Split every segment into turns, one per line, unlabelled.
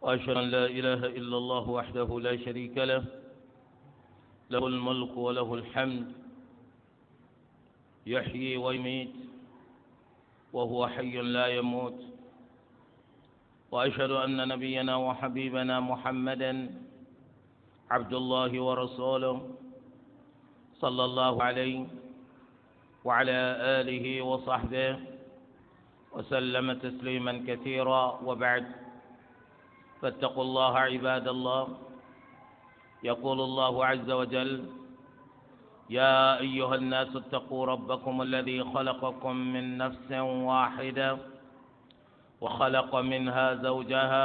وأشهد أن لا إله إلا الله وحده لا شريك له له الملك وله الحمد يحيي ويميت وهو حي لا يموت وأشهد أن نبينا وحبيبنا محمدا عبد الله ورسوله صلى الله عليه وعلى آله وصحبه وسلم تسليما كثيرا وبعد فاتقوا الله عباد الله يقول الله عز وجل يا ايها الناس اتقوا ربكم الذي خلقكم من نفس واحده وخلق منها زوجها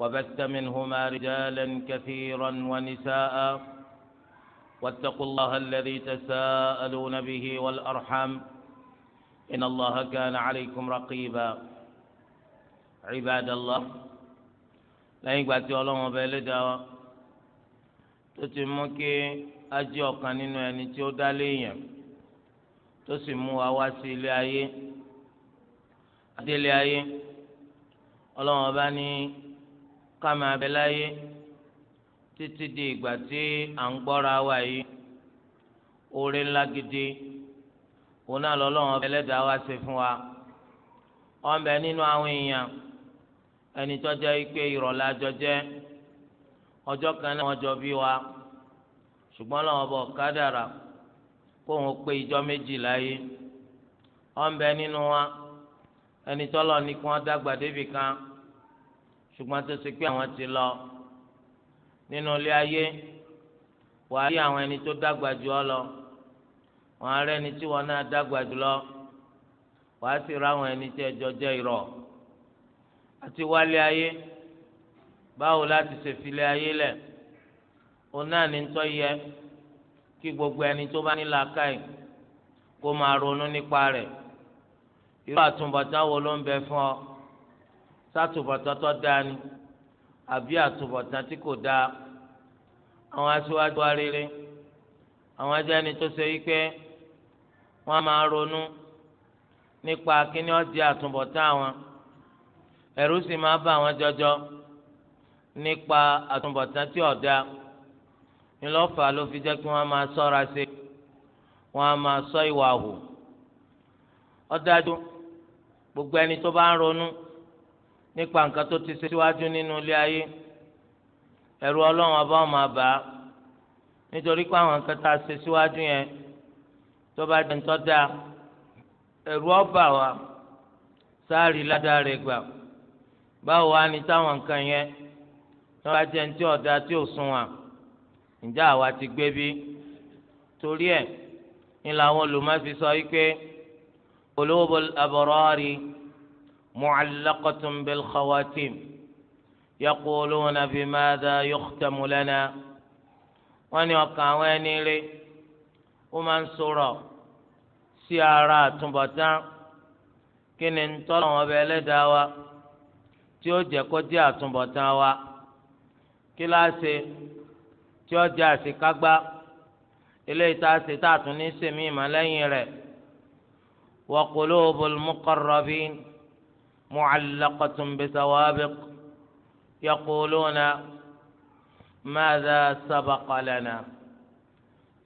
وبث منهما رجالا كثيرا ونساء واتقوا الله الذي تساءلون به والارحام ان الله كان عليكم رقيبا عباد الله lẹ́yìn ìgbà tí ọlọ́run ọba ẹlẹ́dàá wa tó ti mú kí a jẹ́ ọ̀kan nínú ẹni tí ó dá léèyàn tó sì mú wa wá sí ilé ayé adélé ayé ọlọ́run ọba ní ká máa bẹ láyé títí di ìgbà tí à ń gbọ́ra wa yìí oore ńlá gidi òun náà lọ́lọ́run ọba ẹlẹ́dàá wa ṣe fún wa ọ̀n bẹ nínú àwọn èèyàn. ẹni tó jẹ́ ike ìrọ̀lẹ́ àjọ jẹ́ ọjọ́ kan náà wọ́n bí wa ṣùgbọ́n làwọn ọba ọ̀kadàrà kó wọn pé ìjọ méjì láyé ọ̀n nínú wa ẹni tó lọ ní kí wọ́n dàgbà débì kan ṣùgbọ́n tó ṣe pé àwọn ti lọ nínú ilé ayé wàá rí àwọn ẹni tó dàgbà jù ọ lọ wàá ẹni tí wọn náà dàgbà jù lọ wàá sì rí àwọn ẹni tí ẹjọ àti wálé ayé báwo láti ṣe filé ayé lẹ̀ òun náà ní tọ́ yẹ kí gbogbo ẹni tó bá ní làákàyè kó máa ronú nípa rẹ̀ irú àtúbọ̀tán wo ló ń bẹ fún ọ sátúbọ̀tán tó dáa ni àbí àtúbọ̀tán tí kò dáa àwọn aṣíwájú wa rere àwọn ajẹ́ni tó ṣe wípé wọ́n máa ronú nípa kíní ó di àtúbọ̀tán àwọn ẹ̀rù sì máa bá àwọn jọjọ nípa àtúbọ̀tán tí ọ̀dà ńlọ́fà ló fi jẹ́ kí wọ́n máa sọ́ra sí wọ́n á máa sọ ìwà hù ọ̀dájú gbogbo ẹni tó bá ń ronú nípa nǹkan tó ti ṣe síwájú nínú ilé ayé ẹ̀rù ọlọ́run ọba ọmọ àbá nítorí pé àwọn nǹkan tá a ṣe síwájú yẹn tó bá jẹ́ ń tọ́ da ẹ̀rù ọba wa sáà rí ládàá rẹ̀ gbà báwo wá ní táwọn nǹkan yẹn tí wọ́n bá jẹ́ ní tí ọ̀dà tí ò sun wa ǹjẹ́ àwa ti gbé bí torí ẹ̀ ní làwọn olùmọ̀fi sọ wípé qulubul abrari mu'allaqatun bil khawatim yaquluna bimadha yukhtamu lana wọ́n ní ọkàn àwọn ẹni rí ó máa ń sọ̀rọ̀ sí ara àtúbọ̀tán kí ni ń tọ́lọ̀ wọn bẹ ẹlẹ́dàá wa tí ó jẹ́ kó jẹ́ àtúbọ̀tán wa kíláàsì tí ó jẹ́ àṣekágbá eléyìí tá a ṣe tá a tún ní sèmí ìmọ̀lẹ́yìn rẹ̀ wa qulubul muqarrabin mu'allaqatun bisawabiq yaquluna madha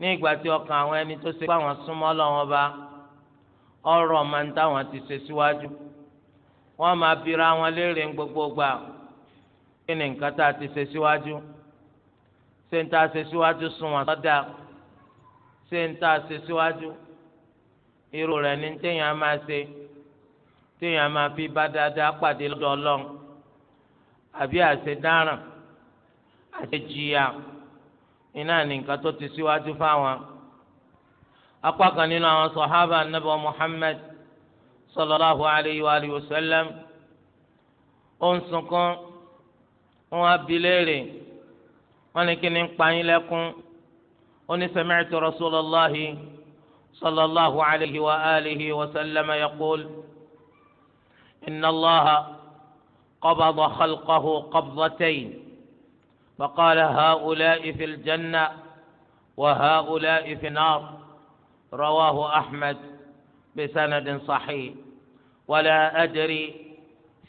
ní ìgbà tí ọkàn àwọn ẹni tó ṣe pé àwọn súnmọ́ lọ́wọ́ bá ọ̀rọ̀ máa ń táwọn ti ṣe síwájú. Si wọ́n máa bira wọn léèrè gbogbo gbà kí ni nǹkan tá a ti ṣe síwájú ṣé ń tá a ṣe síwájú sún wọn sọ́dà ṣé ń tá a ṣe síwájú irú rẹ̀ ní téèyàn máa ṣe téèyàn máa fi bá dáadáa pàdé lọ́dọ̀ ọlọ́run àbí àṣedáràn àṣejìyà iná ní tó ti síwájú fáwọn kan nínú sallallahu alayhi wa alihi wa sallam ó ń sunkún wọn á bi léèrè wọn ní kí ni ń pa yín lẹ́kún ó ní sami'tu rasulallahi sallallahu alayhi wa alihi wa sallam yaqul inna allaha qabada khalqahu qabdatayn faqala haula'i fil janna wa haula'i fi nar rawahu ahmad bisanatin sahih. ولا أدري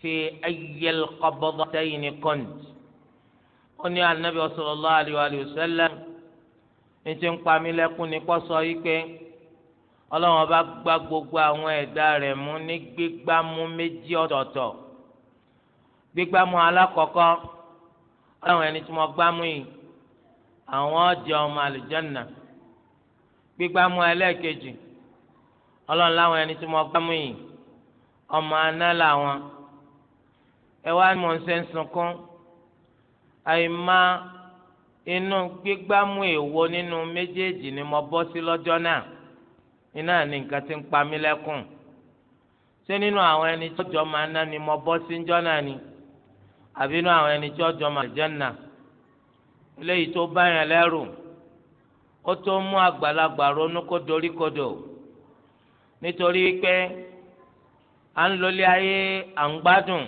في أي القبضتين كنت أني على النبي صلى الله عليه وآله وسلم إن تنقى ملكون قصيك ọlọ́wọ́n bá gba gbogbo àwọn ẹ̀dá rẹ̀ mú ní gbígbámú méjì ọ̀tọ̀ọ̀tọ̀ gbígbámú alákọ̀ọ́kọ́ ọlọ́wọ́n ẹni tí mo gbámú yìí àwọn ọ̀jẹ̀ ọmọ àlùjànnà gbígbámú ẹlẹ́ẹ̀kejì ọlọ́wọ́n láwọn ẹni tí mo gbámú yìí ọmọ aná làwọn ẹ wá mọ̀ ń sẹ́ ń sunkún àìmá inú gbígbámú èèwọ̀ nínú méjèèjì ni mo bọ́ sí lọ́jọ́ náà iná ní nǹkan tí ń pa mí lẹ́kùn ṣé nínú àwọn ẹni tí ọjọ́ máa ná ni mo bọ́ sí ńjọ́ náà ni àbí inú àwọn ẹni tí ọjọ́ máa jẹ́ nà eléyìí tó bá yẹn lẹ́rù ó tó mú àgbàlagbà ronú kó dorí kodò nítorí pé à ń lọlé ayé à ń gbádùn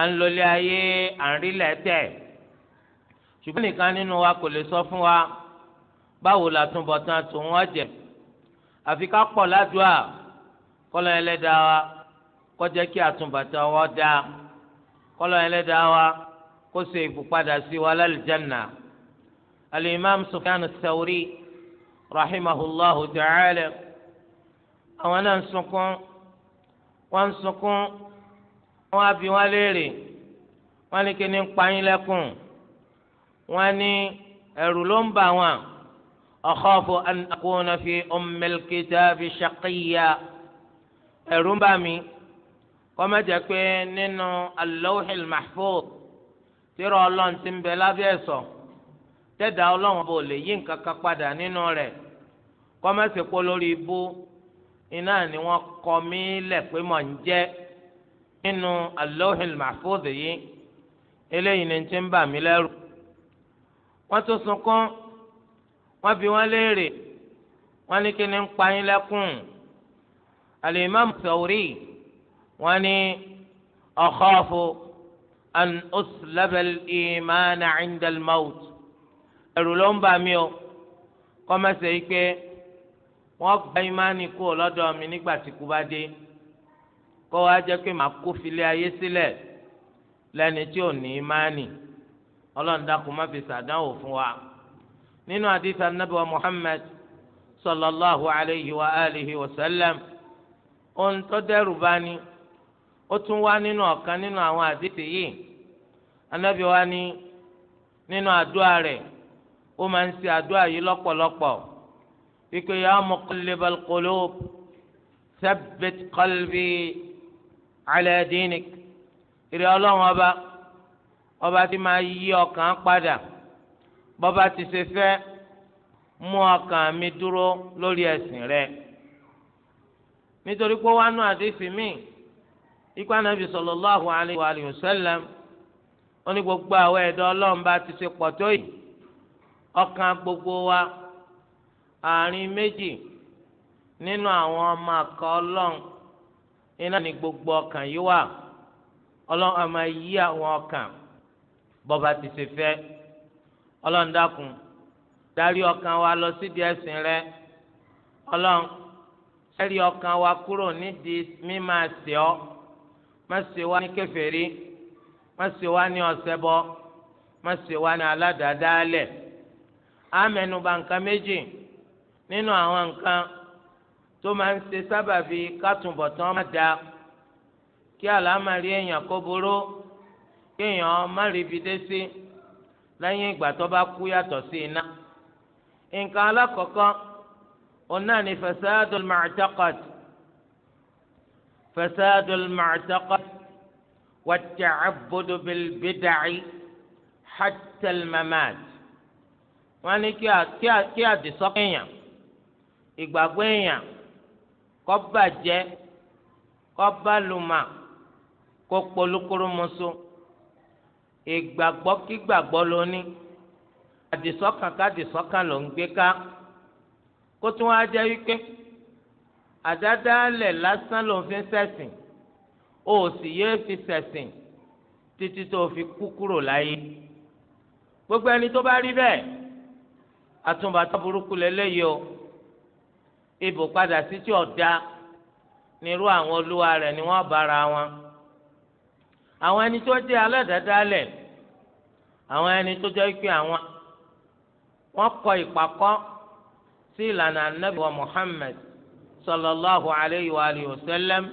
à ń lọlé ayé à ń rí lẹ́tẹ̀ ṣùgbọ́n nìkan nínú wa kò lè sọ fún wa báwo la tún bọ̀ tó wọ́n jẹ àfi ká pọ̀ ládùúà kọ́lọ́ ẹlẹ́dàá wa kó jẹ́ kí àtúbọ̀tán wọ́n dáa kọ́lọ́ ẹlẹ́dàá wa kó ṣe ìbùpadà sí wa lálùjánnà alimami Sufyan as-Sawri ta'ala àwọn náà ń sunkún wọ́n ń sunkún wọ́n á bi wọ́n léèrè wọ́n ní kí ni ń pa yín lẹ́kùn wọ́n ní ẹ̀rù ló ń bà wọ́n akhafu an akuna fi ummil kitabi shaqiyya ẹ̀rù ń bà mí kọ́mẹ́jẹ pé nínú al-lawhil mahfuz tírà ti ń bẹ lábẹ́ ẹ̀sọ́ tẹ́dà ọlọ́run bò lè yí nǹkan kan padà nínú rẹ̀ kọ́mẹ́sì pọ̀ lórí ibú iná ni wọ́n kọ mí lẹ̀ pé mò ń jẹ́ nínú alóhìn màfóòdù yìí eléyìí ni ti ń bà mí lẹ́rù wọ́n tún sunkún wọ́n bi wọ́n léèrè wọ́n ní kí ni ń pa yín lẹ́kùn alimami sawuri wọ́n ní ọkọọfu an uslabal imaana indal maut ló ń bà mí o kọ́mẹ́sẹ̀ yìí pé. wọn gba imani kú lọ́dọ̀ mi nígbà tí kú bá dé kó wá jẹ́ pé màá kó filé ayé sílẹ̀ lẹ́ni tí ò ní imáni ọlọ́run má fi sàdánwò fún Muhammad alayhi wa alihi wa sallam ohun tó dẹ́rù bá ní ó tún wá nínú ọ̀kan nínú àwọn àdìsí yìí wa ní nínú àdúrà rẹ̀ ó máa ń ikú ya muqallibal qulub thabbit qalbi ala dinik ìrẹ Ọlọ́run ọba ọba tí máa yí ọkàn padà bọba ti ṣe fẹ́ mú ọkàn mi dúró lórí ẹ̀sìn rẹ nítorí pé wánú àdéhùn mi ikú anabi sallallahu alayhi wa sallam ó ní gbogbo àwọn ẹ̀dọ́ Ọlọ́run bá ti ṣe pọ̀ tó yìí ọkàn gbogbo wa. àárín méjì nínú àwọn ọmọ àkọ́ ọlọ́run iná ni gbogbo ọkàn yìí wà ọlọ́run àmọ́ yí àwọn ọkàn ti ṣe fẹ́ ọlọ́run dákun darí ọkàn wa lọ sídìí ẹ̀sìn rẹ ọlọ́run ẹ̀rí ọkàn wa kúrò nídìí mímá ṣe ọ́ má ṣe ní kèfèrí má ṣe ní nǹkan nínú àwọn nǹkan tó máa ń ṣe sábàbí kátùnbọ̀tán má da kí àlámàrí èèyàn kó burú kí èèyàn má rí ibi dé sí lẹ́yìn ìgbà tó bá kú yàtọ̀ sí iná. nǹkan alákọ̀ọ́kọ́ òun náà ni fasadul mu'taqad fasadul mu'taqad wa ta'abbudu bil bid'i wọ́n ní kí àdìsọ́kẹ́yàn ìgbàgbọ́ èèyàn kọ́ bàjẹ́ kọ́ bálùmà kó polúkúrú mọ́só ìgbàgbọ́ kígbàgbọ́ lóní àdìsọ́kàn kádìsọ́kàn ló ń gbé ká kó tún wá jẹ́ wípé àdádálẹ̀ lásán ló ń fi ṣẹ̀sìn ó sì yéé fi ṣẹ̀sìn títí tó fi kú kúrò láyé gbogbo ẹni tó bá rí bẹ́ẹ̀ àtúbàtà burúkú lélẹ́yìí o. ibò padà sí tí ọ̀dà nírú àwọn olúwa rẹ̀ ni wọ́n bára wọn àwọn ẹni tó jẹ́ aládàádálẹ̀ àwọn ẹni tó jẹ́ pé àwọn wọ́n kọ ìpàkọ́ sí ìlànà anabi wa Muhammad sallallahu alayhi wa alihi wa sallam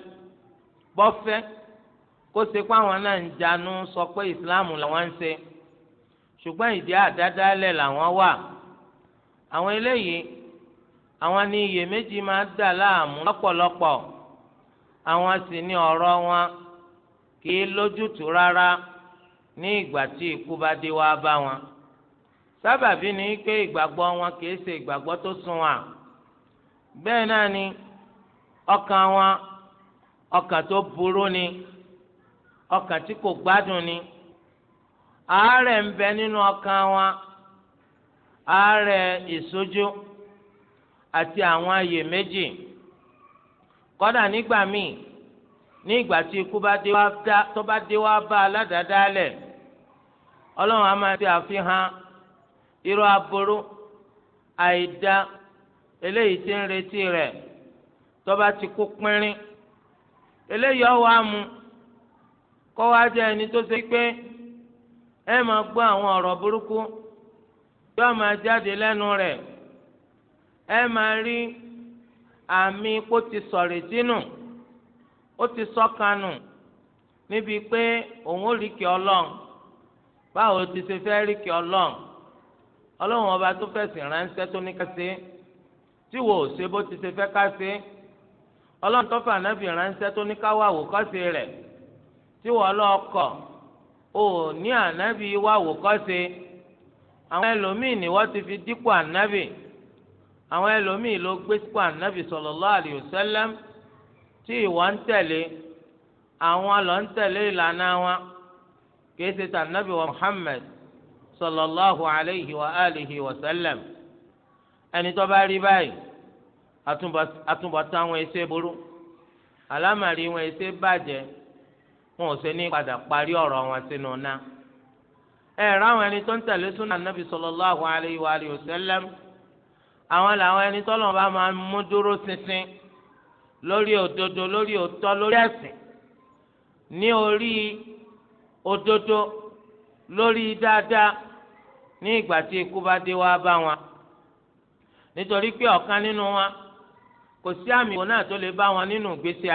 bọ́fẹ́ kó ṣe pé àwọn náà ń janú sọ pé ìsìláàmù làwọn ń ṣe ṣùgbọ́n ìdí àdádálẹ̀ làwọn wà àwọn eléyìí àwọn ní iyèméjì máa dà láàmú lọ́pọ̀lọpọ̀ àwọn sì ní ọ̀rọ̀ wọn kì í lójútùú rárá ní ìgbà tí ikú bá dé wá bá wọn sábàbí ni pé ìgbàgbọ́ wọn kì í ṣe ìgbàgbọ́ tó sunwọ̀n bẹ́ẹ̀ náà ni ọkàn wọn ọkàn tó burú ni ọkàn tí kò gbádùn ni àárẹ̀ ń bẹ nínú ọkàn wọn àárẹ̀ ìṣojú. E àti àwọn ààyè méjì kọ́dà nígbà míì ní ìgbà tí ikú tó bá dé wá bá aládàádáálẹ̀ ọlọ́run á máa ṣe àfihàn irọ́ aburú àìdá eléyìí tí ń retí rẹ̀ tó bá ti kú pínrín eléyìí ọwọ́ àmú kọ́ wá jẹ́ ẹni tó ṣe pé ẹ máa gbọ́ àwọn ọ̀rọ̀ burúkú yóò máa jáde lẹ́nu rẹ̀ ẹ máa rí àmì kó ti sọ̀rè sínú ó ti sọ́kanù níbi pé òun ò rí kí ọlọ́run báwo ló ti ṣe fẹ́ rí kí ọlọ́run ọlọ́run ọba tó fẹ̀sìn ránṣẹ́ tó ní ká ṣe tí wò ó ṣe bó ti ṣe fẹ́ ká ṣe ọlọ́run tó fà náà fi ránṣẹ́ tó ní ká wà wò kọ́ ṣe rẹ̀ tí wọ́n ọlọ́ọ̀kọ̀ ò ní ànábì wà wò àwọn ẹlòmíì ni wọ́n ti fi dípò ànábì. àwọn ẹlòmíì ló gbé sípò ànábì sallallahu alayhi wa tí ìwọ ń tẹ̀lé àwọn lọ ń tẹ̀lé ìlànà wọn kìí ṣe tànábì wa sallallahu alayhi wa alihi wa ẹni tó bá rí báyìí àtúbọ̀tán àwọn ẹsẹ̀ burú alámàrí wọn ẹsẹ̀ bàjẹ́ wọn ò ṣe ní padà parí ọ̀rọ̀ wọn sínú náà ẹni tó ń tẹ̀lé ànábì wa àwọn làwọn ẹni tọ́lọ̀ bá máa dúró ṣinṣin lórí òdodo lórí òtọ́ lórí ẹ̀sìn ní orí òdodo lórí dáadáa ní ìgbà tí ikú bá dé wá bá wọn nítorí pé ọ̀kan nínú wọn kò sí àmì ìwò náà tó lè bá wọn nínú ìgbésí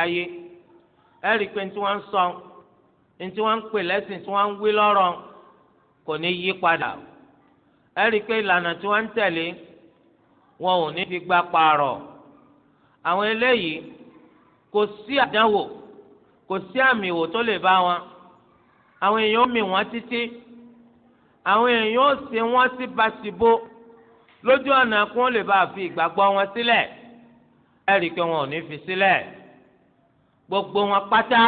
lẹ́sìn tí wọ́n lọ́rọ̀ kò ní yí padà ẹ rí i pé ìlànà wọn ò ní fi gbá paarọ̀ àwọn eléyìí kò sí àdánwò kò sí àmì ìwò tó lè bá wọn àwọn èèyàn mì wọ́n títí àwọn èèyàn ò ṣe wọ́n sí basibo lójú ọ̀nà kí wọ́n lè bá fi ìgbàgbọ́ wọn sílẹ̀ ẹ̀rí pé wọn ò ní fi sílẹ̀ gbogbo wọn pátá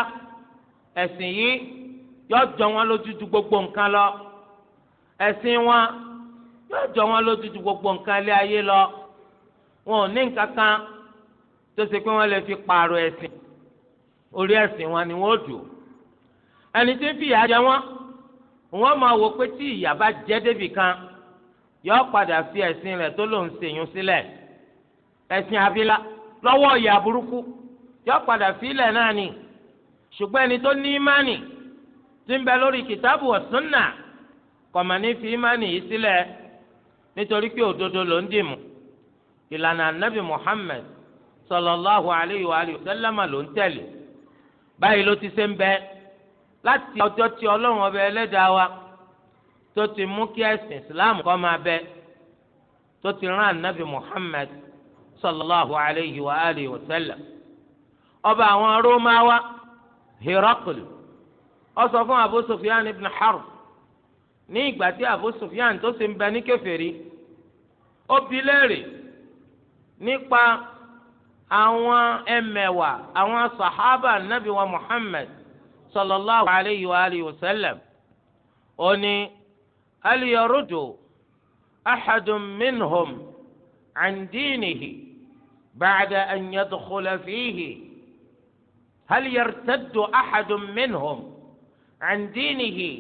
ẹ̀sìn yìí yóò jọ wọn lójú gbogbo nǹkan lọ ẹ̀sìn wọn yóò jọ wọn lójú gbogbo nǹkan ilé ayé lọ wọn ò ní nǹkan kan tó ṣe pé wọ́n lè fi pààrọ̀ ẹ̀sìn orí ẹ̀sìn wọn ni wọ́n dùn ẹni tí ń fi ìyà jẹ wọn wọ́n máa wò pé tí ìyà bá jẹ débì kan yọ padà fi ẹ̀sìn rẹ̀ tó lòún ṣèyún sílẹ̀ ẹ̀sìn abila lọ́wọ́ ìyà burúkú yọ padà fi ilẹ̀ náà ni ṣùgbọ́n ẹni tó ní ìmánì tí ń bẹ lórí kìtàbù wa sunna kọ̀mọ̀ ní fi ìmánì yìí sílẹ̀ nítorí pé òdodo ló ń dì mú ìlànà anabi muhammed sallallahu alayhi wa alayhi wa sallama ló ń tẹ̀lé báyìí ló ti ṣe ń bẹ láti ọjọ́ tí ọlọ́run ọba ẹlẹ́dàá wa tó ti mú kí ẹ̀sìn islam kó máa bẹ tó ti rán anabi muhammed sallallahu alayhi wa alayhi wa sallam ọba àwọn rómawa hirakul ó sọ fún abu sufyan ibn harb ní ìgbà tí abu sufyan tó sì ń bẹ ní kèfèrí ó bi léèrè nípa àwọn ẹmẹ̀wà àwọn sàhábà nàbí wa Muhammad sallallahu alayhi wa alihi wa sallam ó ní aliyarudu axadun minhum can diinihi bacda an yadkhula fiihi hal yartaddu axadun minhum can diinihi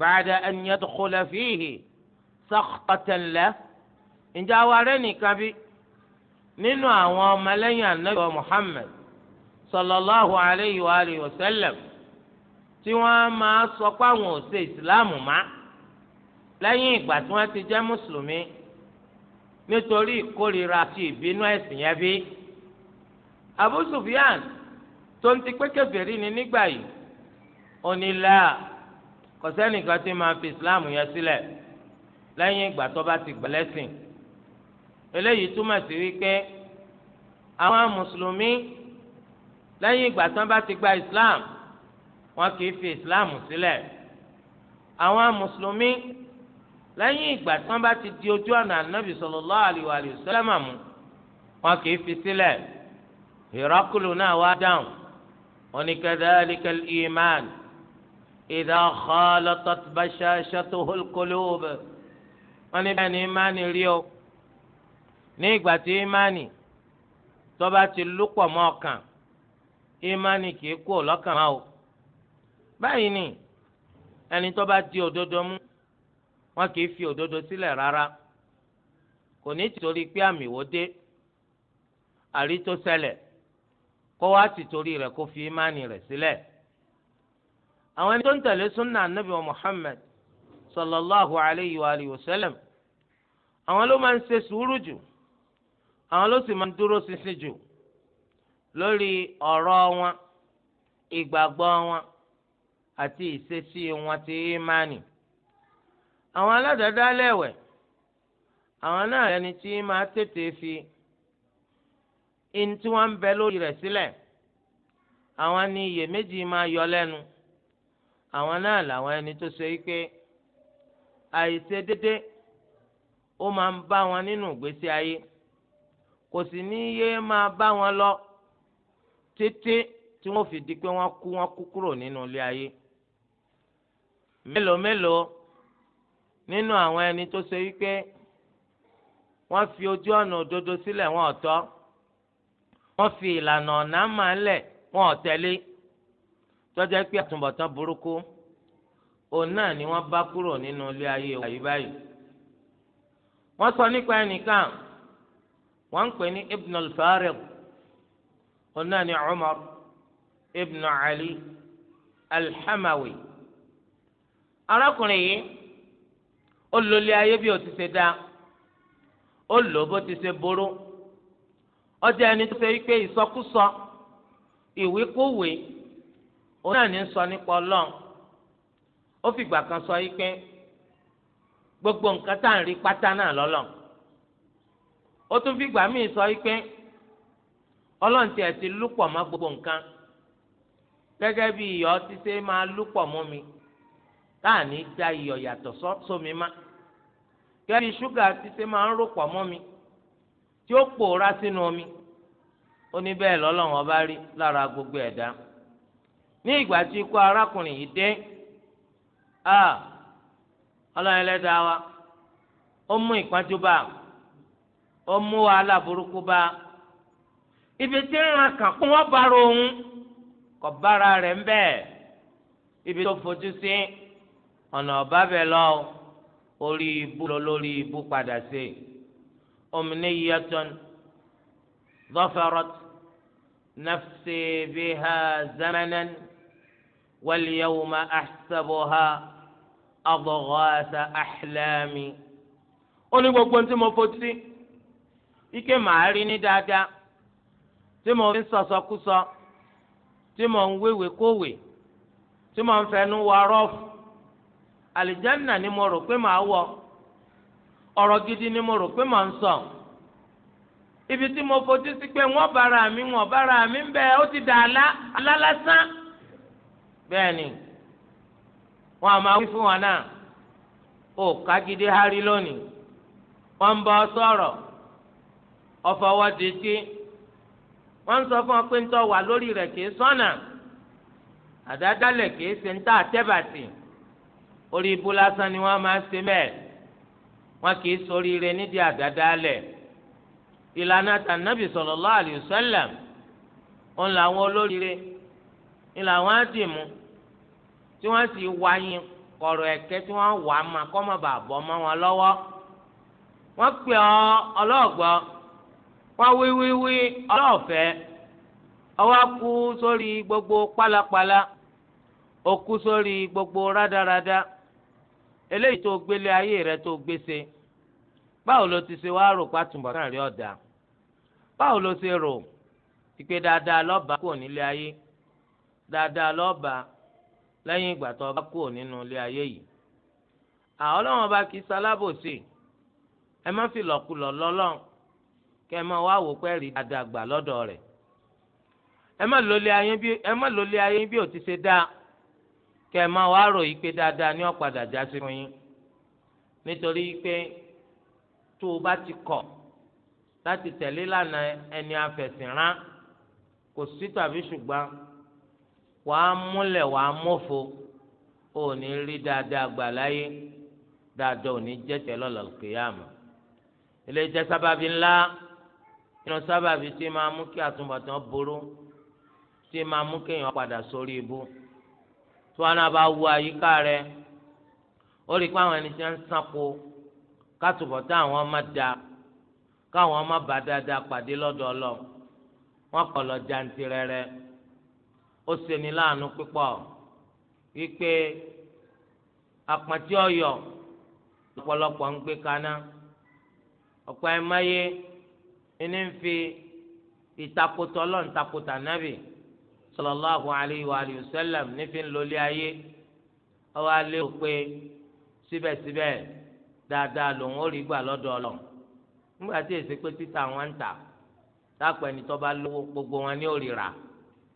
bacda an yadkhula fiihi sakhatan lah ǹjẹ́ àwa nínú àwọn ọmọlẹ́yìn anabi muhammed sallallahu alayhi wa alayhi wa sallam tí wọ́n máa sọ pé àwọn ò ṣe ìsìláàmù má lẹ́yìn ìgbà tí wọ́n ti jẹ́ mùsùlùmí nítorí ìkórira àti ìbínú ẹ̀sìn yẹn bí abu sufyan tó ń ti pé kèfèrí ni nígbà yìí onílà kò sẹ́nìkan máa fi ìsìláàmù yẹn sílẹ̀ lẹ́yìn ìgbà tó bá ti gbẹ̀lẹ́sìn eléyìí túmọ̀ sí wípé àwọn mùsùlùmí lẹ́yìn ìgbà tí wọ́n bá ti gba islam wọn kì í fi islam sílẹ̀ àwọn mùsùlùmí lẹ́yìn ìgbà tí wọ́n bá ti di ojú ọ̀nà ànábì sallallahu alaihi wa sallam mú wọn kì í fi sílẹ̀ Hirakulu náà wá dáhùn wọn ni kadhalika al-iman idha khalatat bashashatuhu al wọn ni bẹ́ẹ̀ ni imáni rí o. ní ìgbà tí imani tọba ti lúpọ̀ mọ́ ọkàn imani kìí kú lọ́kàn máa o báyìí ni ẹni tó di òdodo mú wọn kìí fi òdodo sílẹ̀ rárá kò ní tìtorí pé àmì wò dé àrí tó ṣẹlẹ̀ kó wá sì torí rẹ̀ kó fi imani rẹ̀ sílẹ̀ àwọn ẹni tó ń tẹ̀lé sunna anabi wa muhammed sallallahu alayhi wa sallam àwọn ló máa ń ṣe sùúrù jù. àwọn ló sì máa ń dúró ṣinṣin jù lórí ọ̀rọ̀ wọn ìgbàgbọ́ wọn àti ìṣesí wọn ti ìmánì àwọn aládàáda lẹ́wẹ̀ àwọn náà ẹni tí máa tètè fi ẹni tí wọ́n ń bẹ lórí rẹ̀ sílẹ̀ àwọn ni iyèméjì máa yọ lẹ́nu àwọn náà làwọn ẹni tó ṣe wípé àìṣedédé ó máa ń bá wọn nínú ìgbésí ayé kò sì ní yé máa bá wọn lọ títí tí wọ́n fi di pé wọ́n kú wọ́n kú kúrò nínú ilé ayé mélòó mélòó nínú àwọn ẹni tó ṣe wípé wọ́n fi ojú ọ̀nà òdodo sílẹ̀ wọn ọ̀tọ́ wọ́n fi ìlànà ọ̀nà máa wọn ọ̀tẹ́lé tọ́jà pé àtúbọ̀tán burúkú òun náà ni wọ́n bá kúrò nínú ilé ayé wa yìí báyìí wọ́n sọ nípa ẹnìkan wọ́n ń pè ní ibn al-farid ọ̀nà ni umar ibn ali alhamawi arákùnrin yìí ó lólé ayé bí ó ti se dá ó lò ti se burú ọjà ẹni tó ṣe wípé ìsọkúsọ ìwíkúwé òun náà ní sọ nípa ọlọ́run ó fìgbà kan sọ ikpe gbogbo nǹkan tá à náà lọ́lọ́run ó tún fi gbà míì sọ pé ọlọ́run tiẹ̀ ti lúpọ̀ mọ́ gbogbo nǹkan gẹ́gẹ́ bí iyọ̀ ti ṣe máa lúpọ̀ mọ́ mi láàní da iyọ̀ yàtọ̀ sómi má gẹ́gẹ́ bí ṣúgà ti ṣe máa ń mọ́ mi tí ó pòórá sínú omi ó ní bẹ́ẹ̀ lọ́lọ́run ọba rí lára gbogbo ẹ̀dá ní ìgbà tí ikú arákùnrin yìí dé ah, ọlọ́run ẹlẹ́dàá wa ó mú ìpájú bá a. ó mú wàhálà burúkú bá ibi tí ń ran kàkún wọn bára òun kò bára rẹ̀ ń bẹ́ẹ̀ ibi tó fojú sí ọ̀nà ọ̀bá bẹ̀ lọ orí ibú lọ lórí ibú padà sí omniyatun dhafarat nafsi biha zamanan wal yawma ahsabuha adghasa ahlami ó ní gbogbo ohun tí mo fojú sí. ike màá rí ní dáadáa tí mo fi ń sọsọkúsọ tí mo ń wéwèé kówè tí mo ń fẹnu wọ àlìjánà ni mo rò pé màá wọ gidi ni mo rò pé màá ń sọ ibi tí mo fojú sí pé wọ́n bára mi ami bára mi ń bẹ ó ti dà alá alá lásán bẹ́ẹ̀ ni wọ́n a máa wí fún wọn náà ó ká hárí lónìí wọ́n ń So ọfọwọdìtì wọn ń sọ fún ọ pé ń tọ́ wà lórí rẹ̀ kì í sọ́nà àdádálẹ̀ kì í ṣe ń tà tẹ́bàtì orí ibú lásán ni wọ́n máa ń ṣe mẹ́ẹ̀ wọn kì í ṣoríire nídìí àdádálẹ̀ ìlànà tànàbì sallallahu alayhi wa sallam òun làwọn olóríire ni làwọn á dì mú tí wọ́n sì wáyé kọ̀rọ̀ ẹ̀kẹ́ tí wọ́n wà á máa kọ́ mọ́ bàbọ̀ mọ́ wọn lọ́wọ́ wọ́n pè ọ́ ọlọ́ọ̀gbọ́n wọ́n wíwíwí ọlọ́ọ̀fẹ́ ọwọ́ kú sórí gbogbo pálapàla ó kú sórí gbogbo rádaràda eléyìí tó gbélé ayé rẹ tó gbèsè báwo ló ti ṣe wá rò pátùbọ̀ náà rí ọ̀dà báwo ló ṣe rò ìpè dáadáa lọ́ba kúrò nílé ayé dáadáa lọ́ba lẹ́yìn ìgbà tó bá kúrò nínú ilé ayé yìí àwọn ọlọ́wọ́n bá kí sálábòsì ẹ má fi lọ́kùlọ̀ lọ́lọ́run kẹ́ ẹ máa wá wò pé rí dáadáa gbà lọ́dọ̀ rẹ̀ ẹ má lólé ayé bí ẹ má lólé ayé bí ò ti ṣe dáa kẹ́ ẹ máa wá rò yí pé dáadáa ní ọ̀padà já sí fún yín nítorí pé tó o bá ti kọ̀ láti tẹ̀lé lànà ẹni afẹ̀sìnrán kò sí tàbí ṣùgbọ́n wàá múlẹ̀ wàá mọ́fo ò ní rí dáadáa gbà láyé dáadáa ò ní jẹ́ tẹ́lọ̀ lọ́kìyàmù ilé jẹ́ sábàbí ńlá nínú sábàbí tí máa mú kí àtúbọ̀tán burú tí máa mú kéèyàn padà sórí ibú tí wọn náà bá wo àyíká rẹ ó rí i pé àwọn ẹni tí wọn ń sanko kátùbọ̀tán àwọn má da káwọn má bá dáadáa pàdé lọ́dọ̀ ọlọ wọn kọ̀ lọ jantirẹrẹ ó ṣeni láàánú pípọ̀ wípé àpàtì ọ̀yọ́ ọ̀pọ̀lọpọ̀ ń gbé kaná ọ̀pọ̀ ẹ̀ máyé ẹni ń fi ìtakùtà ọlọ́run takùtà nábì sallallahu alayhi wa sallam nífi ń lọlé ayé ọwọ́ alẹ́ ò pé síbẹ̀síbẹ̀ dáadáa lòun ó rí gbà lọ́dọ̀ ọlọ́run nígbà tí èsì pé títà wọn ń tà lápẹ̀ ẹni tó bá lówó gbogbo wọn ní òrìrà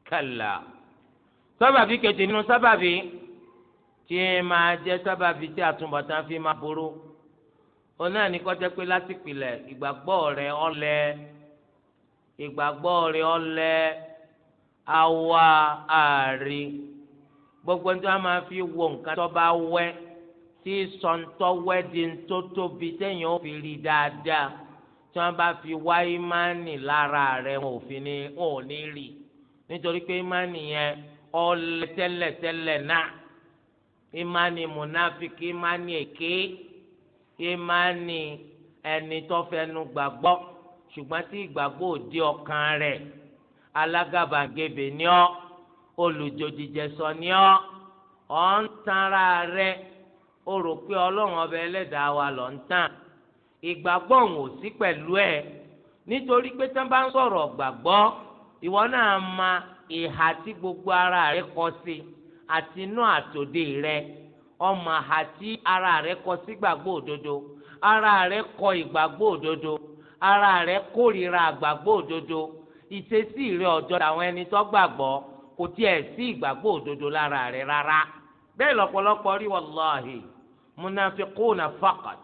kàlà sábàbí kejì nínú sábàbí tí máa jẹ́ sábàbí tí àtúbọ̀tán fi máa burú. Ona ni ní kọjá pé látìpìlẹ̀ ìgbàgbọ́ rẹ̀ ọlẹ ìgbàgbọ́ rẹ̀ ọlẹ awa ààrí gbogbo ní tí wọn máa fi wo nǹkan tó bá wẹ tí sọńtọ wẹ di tó tóbi téèyàn ó fi rí dáadáa tí wọn bá fi wá ìmánì lára rẹ̀ wọn ò fi ní wọn ò ní rí nítorí pé ìmánì yẹn ọlẹ tẹ́lẹ̀tẹ́lẹ̀ náà ìmánì mùnáfíkì ìmánì èké ìmánì ẹni tó fẹnu gbàgbọ́ ṣùgbọ́n tí ìgbàgbọ́ òdi ọkàn rẹ̀ alágàbàgebè ni ọ́ olùjòjìjẹsọ ni ọ́ ọ̀ ń tanra rẹ̀ ó rò pé ọlọ́run ọba ẹlẹ́dàá wa lọ ń tàn ìgbàgbọ́ òun ò sí pẹ̀lú ẹ̀ nítorí pé tán bá ń sọ̀rọ̀ gbàgbọ́ ìwọ náà ma ìhà tí gbogbo ara rẹ̀ kọ sí àtinú àtòdè rẹ̀ ọmọ àti ara rẹ kọ sígbàgbọ́ òdodo ara rẹ kọ ìgbàgbọ́ òdodo ara rẹ kórìíra àgbàgbọ́ òdodo ìṣesí rẹ ọjọ́ àwọn ẹni tó gbàgbọ́ kò tiẹ̀ sí ìgbàgbọ́ òdodo lára rẹ rárá bẹ́ẹ̀ lọ́pọ̀lọpọ̀ rí wàláhì munafikuna fakat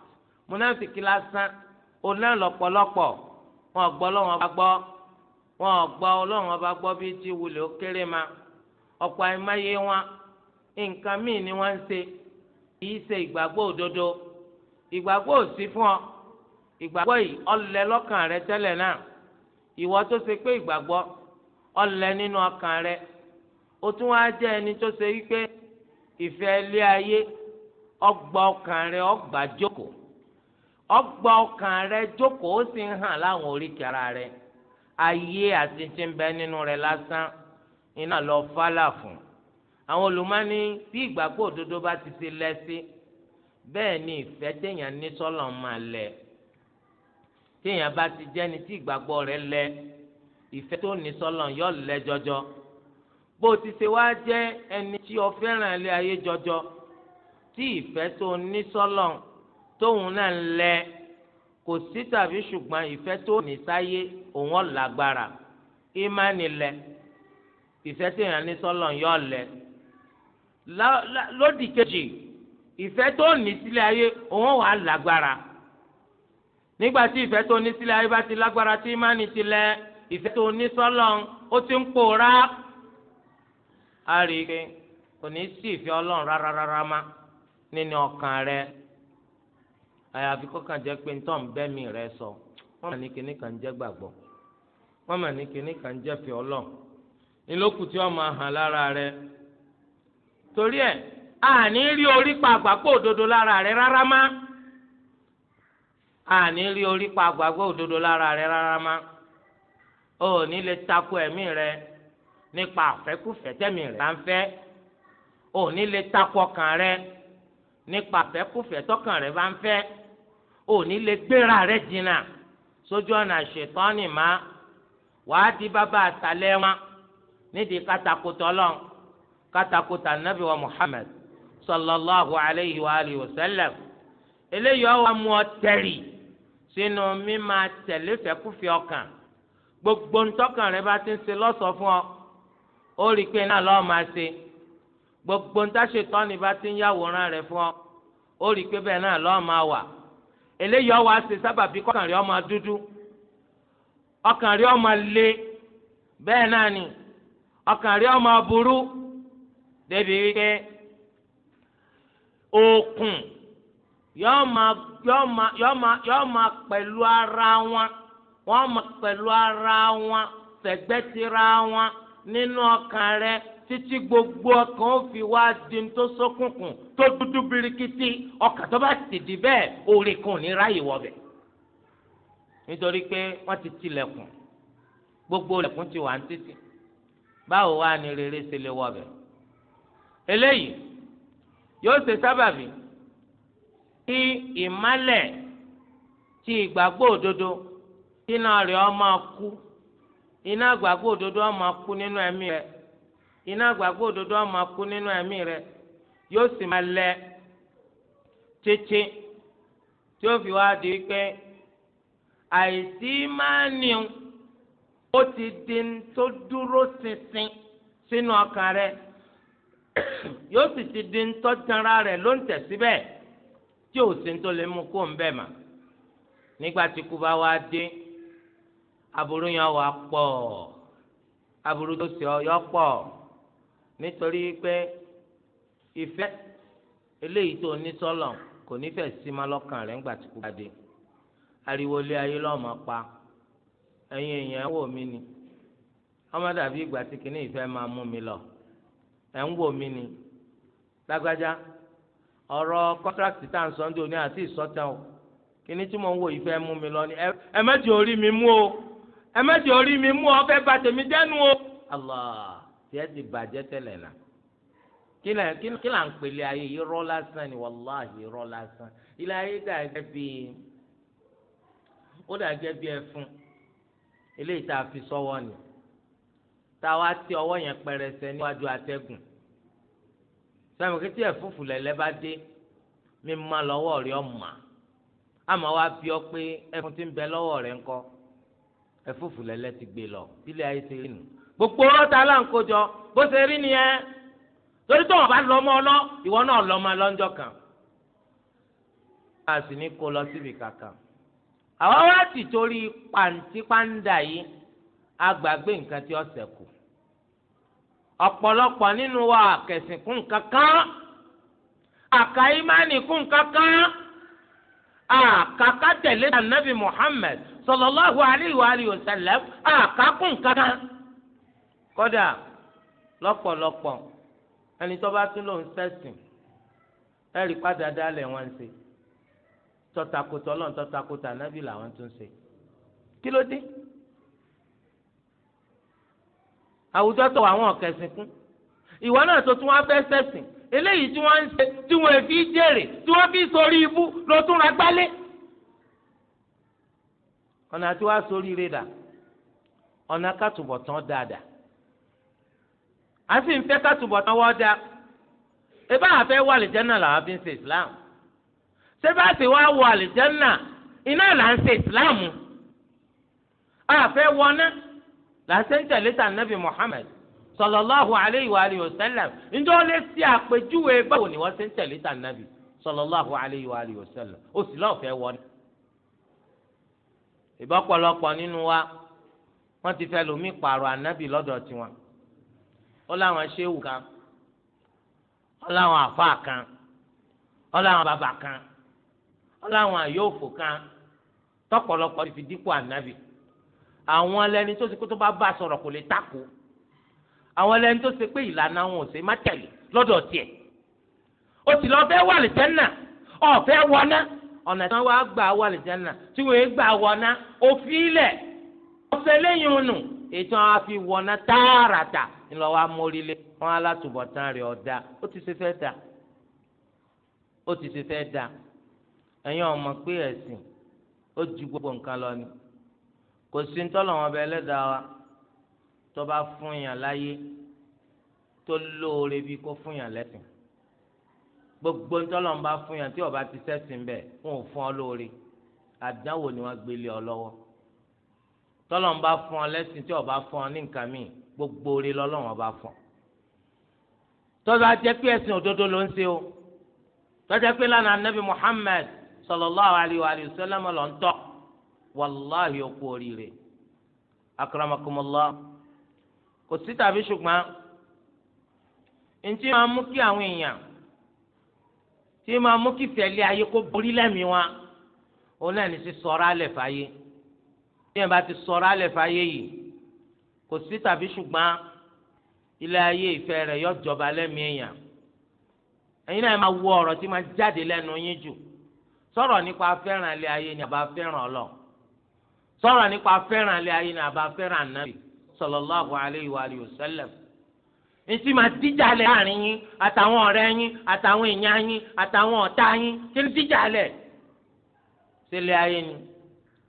munafiki lásán oná lọ́pọ̀lọpọ̀ wọn gbọ́ lọ́wọ́n bá gbọ́ wọn gbọ́ lọ́wọ́n bá gbọ́ bíi ti wulẹ̀ ó kéré ma ọ̀pọ̀ àìmáyé wọn nǹkan míì ni wọ́n ń ṣe kìí ṣe ìgbàgbọ́ òdodo ìgbàgbọ́ òsì fún ọ ìgbàgbọ́ yìí ọlẹ lọ́kàn rẹ tẹ́lẹ̀ náà ìwọ tó ṣe pé ìgbàgbọ́ ọlẹ nínú ọkàn rẹ o tún wá jẹ́ ẹni tó ṣe wípé ìfẹ́ ilé ayé ọgbà ọkàn rẹ ọgbà jókòó ọgbà ọkàn rẹ jókòó ó sì ń hàn láwọn oríkèé ara rẹ ayé àti tí ń bẹ nínú rẹ lásán iná lọ fálà fún un àwọn olùmọ́ni bí ìgbàgbọ́ òdodo bá ti ti lẹ sí bẹ́ẹ̀ ni ìfẹ́ téèyàn ní sọ́lọ̀ máa lẹ téèyàn bá ti jẹ́ni tí ìgbàgbọ́ rẹ̀ lẹ ìfẹ́ tó ní sọ́lọ̀ yọ lẹ jọjọ bó ti ṣe wá jẹ́ ẹni tí o fẹ́ràn ilé ayé jọjọ tí ìfẹ́ tó ní sọ́lọ̀ tóun náà lẹ kò sí tàbí ṣùgbọ́n ìfẹ́ tó ní sáyé òun ọ̀ lágbára ìmánilẹ ìfẹ́ téèyàn ní sọ́lọ̀ yọ lẹ lódì kejì ìfẹ́ tó ní sílẹ̀ ayé òun wà lágbára nígbà tí ìfẹ́ tó ní sílẹ̀ ayé bá ti lágbára tí ìmánì ti lẹ ìfẹ́ tó ní sọ́lọ́n ó ti ń pòórá a rí i pé kò ní sí ìfẹ́ ọlọ́run rárá rárá má nínú ọkàn rẹ àyàfi kọ́kàn jẹ́ pé ntọ́ ń bẹ́ mi rẹ sọ wọ́n mà ní kíní kan jẹ́ gbàgbọ́ wọ́n mà ní kíní kan jẹ́ fi ọlọ́run ìlókùtì ọmọ hàn lára rẹ torí ẹ̀ àní rí orí pa àgbàgbọ́ òdodo lára rẹ rárá má àní rí orí pa àgbàgbọ́ òdodo lára rẹ rárá má ò ní lè takò ẹ̀mí rẹ nípa àfẹ́kùfẹ́ tẹ̀mí rẹ bá ń fẹ́ ò ní lè takò ọkàn rẹ nípa àfẹ́kùfẹ́ tọkàn rẹ bá ń fẹ́ ò ní lè gbéra rẹ jìnnà sójú ọ̀nà ṣètọ́nì má wàá di bàbá àtàlẹ́ wọn nídìí kátàkùtọ̀ lọ́n kátàkùtà nàbì wa muhammed sallallahu alayhi wa alihi wa sallam eléyìí ọwọ́ amú ọ tẹ̀lé sínú mímá tẹ̀lé fẹ́kúfẹ́ ọkàn gbogbo ntọ́kàn rẹ bá ti ń ṣe lọ́sọ̀ọ́ fún ọ ó rí i náà lọ́ọ́ máa gbogbo ntàṣetọ́ ni bá ti ń yàwòrán rẹ fún ọ ó bẹ́ẹ̀ náà lọ́ọ́ wà eléyìí ọwọ́ àṣẹ sábàbí kọ́kàn rẹ ọmọ dúdú ọkàn rẹ ọmọ le bẹ́ẹ̀ náà ni ọkàn rẹ ọmọ burú débi wípé okùn yọọ máa yọọ máa yọọ máa yọọ máa pẹ̀lú ara wọn wọ́n máa pẹ̀lú ara wọn fẹ̀gbẹ́tira wọn nínú ọkàn rẹ títí gbogbo ọkàn ó fi wá di tó ṣókùnkùn tó dúdú birikiti ọkàn tó bá sì di bẹ́ẹ̀ orí kan ò ní ráyè wọbẹ̀ nítorí pé wọ́n ti tilẹ̀kùn gbogbo ilẹ̀kùn ti wà ní títì báwo wá ní rere ṣe lè wọbẹ̀. eléyìí yóò ṣe sábàbí kí ìmálẹ̀ ti ìgbàgbọ́ òdodo iná rẹ̀ iná ìgbàgbọ́ òdodo nínú ẹ̀mí rẹ̀ iná ìgbàgbọ́ òdodo nínú ẹ̀mí rẹ̀ yóò sì máa lẹ títí tí ó fi wá di pé àìsí máa ó ti di tó dúró ṣinṣin sínú ọkàn rẹ̀. yóò sì ti di ńtọ́jára rẹ̀ ló ń tẹ̀síbẹ̀ tí ò sí tó lè mú kó ń bẹ̀ mà nígbà tí kú bá wá dé aburú yẹn wà pọ̀ aburú tó sì yọ pọ̀ nítorí pé ìfẹ́ eléyìí tó ní sọ́lọ̀ kò nífẹ̀ẹ́ sí ma lọ́kàn rẹ̀ ńgbà tí kú bá dé ariwo ilé ayé lọ́mọ pa ẹ̀yin èèyàn wò mí ni ọmọ dàbí ìgbà tí kìnnìún ìfẹ́ máa mú mi lọ. ẹ̀ ń wò mí ni lágbájá ọ̀rọ̀ kọ́ńtrákìtì tá à ń sọ ní òní àti o kíní tí mò ń wò yìí fẹ́ mú mi lọ ni ẹ mẹ́jì orí mi mú o ẹ mẹ́jì orí mi mú o fẹ́ bà tèmi dẹ́nu o. Allah tiẹ́ ti bàjẹ́ tẹ́lẹ̀ náà kí là ń pèlè ayé irọ́ lásán ni wàláhì irọ́ lásán ilé ayé dà gẹ́gẹ́ bí ó dà gẹ́gẹ́ bí ẹfun eléyìí tá a fi sọ́wọ́ ni. táwa ti ọwọ́ yẹn pẹrẹsẹ níwájú atẹ́gùn sọmi kí tí ẹ̀fúùfù bá dé mi má lọ́wọ́ rẹ ọ̀mà àmọ́ wá bí ọ pé ẹfun ti ń bẹ lọ́wọ́ rẹ ńkọ́ ẹ̀fúùfù lẹ̀lẹ́ ti gbé lọ bílẹ̀ ayé ṣe rí nu gbogbo ọlọ́ta aláǹkójọ bó ṣe rí nìyẹn torí tó wọn bá lọ ọmọ ọlọ ìwọ náà lọ ọmọ lọ́njọ́ kan a sì ní kó lọ síbi kankan àwa wá ti torí pàǹtípàǹdà yìí agbàgbé nǹkan tí ó ṣẹ́kù ọ̀pọ̀lọpọ̀ nínú wa àkẹ̀sìn kún kankan àkàìmánì kún kankan àkàkà tẹ̀lé ànábì Muhammad sallallahu alayhi wa alihi wa sallam àkàkùn kankan kódà lọ́pọ̀lọpọ̀ ẹni tó bá tún lòún sẹ́sìn ẹ̀rí padà dálẹ̀ wọn ṣe tọ́takùtà ọlọ́run tọ́takùtà ànábì làwọn tún ṣe kí ló dé. àwùjọ tó àwọn ọ̀kẹ́sìn kún ìwọ náà tó tún wá fẹ́ sẹ̀sìn eléyìí tí wọ́n ń ṣe tí wọ́n fi jèrè tí wọ́n fi sórí ibú ló tún ra gbálé. ọ̀nà àti wá sórí ire dà ọ̀nà kàtúbọ̀tán dáadáa a sì ń fẹ́ kàtúbọ̀tán wọ́n dáa ebe àwọn afẹ́ wà àlìjẹ́nà làwọn fi ń ṣe islam ṣé bá a sì wá wọ àlìjẹ́nà iná là ń ṣe islam àfẹ́ wọná. làṣẹ́ńtẹ̀ lẹ́tà nàbì Muhammad sọlọ́láhu aleyhi wa aleyhi wa sẹ́lẹ̀m ǹjọ́ lè ṣe àpèjúwe báwo ni wọ́n ṣe ń tẹ̀lé tà nàbì sọlọ́láhu aleyhi wa aleyhi wa sẹ́lẹ̀m ó nínú wa ti lomi ànábì tiwọn. ó láwọn ṣéwù kan ó láwọn kan ó láwọn bàbà kan ó láwọn kan àwọn ẹlẹ́ni tó ṣe pé tó bá bá sọ̀rọ̀ kò lè takò àwọn ẹlẹ́ni tó ṣe pé ìlànà wọn ò ṣe má tẹ̀lé lọ́dọ̀ tiẹ̀ o sì lọ fẹ́ wà lìjẹ́nà ọ̀fẹ́ wọná ọ̀nà tí wọ́n wá gbà wà lìjẹ́nà tí wọ́n gbà wọná òfin ilẹ̀ lẹ́yìn ònù ètò àwọn afi wọná tààràtà ńlọ wa mórílé wọn alátùbọ̀tán rẹ̀ ọ̀dà ó ti ṣe fẹ́ dà ó ti ṣe fẹ́ dà ẹ̀yin ọmọ pé ẹ̀sìn ó ju gbogbo nǹkan lọ ni kò sí ntọ́lọ̀ wọn bẹ ẹlẹ́dàá wa tó bá fún yàn láyé tó lóore bí kó fún yàn lẹ́sìn gbogbo ntọ́lọ̀ ń bá fún yàn tí ọba ti sẹ́sìn bẹ̀ wọn ò fún ọ lóore àdánwò ni wọ́n gbélé ọ lọ́wọ́ tọ́lọ̀ ń bá fún ọ lẹ́sìn tí ọba fún ọ ní nǹkan míì gbogbo oore lọ́lọ́wọ́n bá fún ọ tọ́lá jẹ́ pé ẹ̀sìn òdodo ló ń ṣe o tọ́jà pé lánàá nabi Muhammad sallallahu alayhi wa sallam ló wàláhì okú oríire akaramakumọlá kò sí tàbí ṣùgbọ́n ntí máa mú kí àwọn èèyàn tí máa mú kí fẹlẹ ayé kó borí lẹ́mìí wọn òun náà ní sí sọ̀rọ̀ alẹ́ fàyè tí yẹn bá ti sọ̀rọ̀ alẹ́ fàyè yìí kò sí tàbí ṣùgbọ́n ilé ayé ìfẹ́ rẹ̀ yọ jọba lẹ́mìí èèyàn ẹ̀yin náà máa wo ọ̀rọ̀ tí máa jáde lẹ́nu yín jù sọ̀rọ̀ nípa fẹ́ràn ilé ayé ni àbá fẹ́ràn ọlọ́ọ̀ sọ̀rọ̀ nípa fẹ́ràn ilé ayé ni àbá fẹ́ràn ànábì sallallahu alayhi wa alihi wa sallam máa díjà àtàwọn ọ̀rẹ́ yín àtàwọn èèyàn yín àtàwọn ọ̀tá yín kí ni díjà ni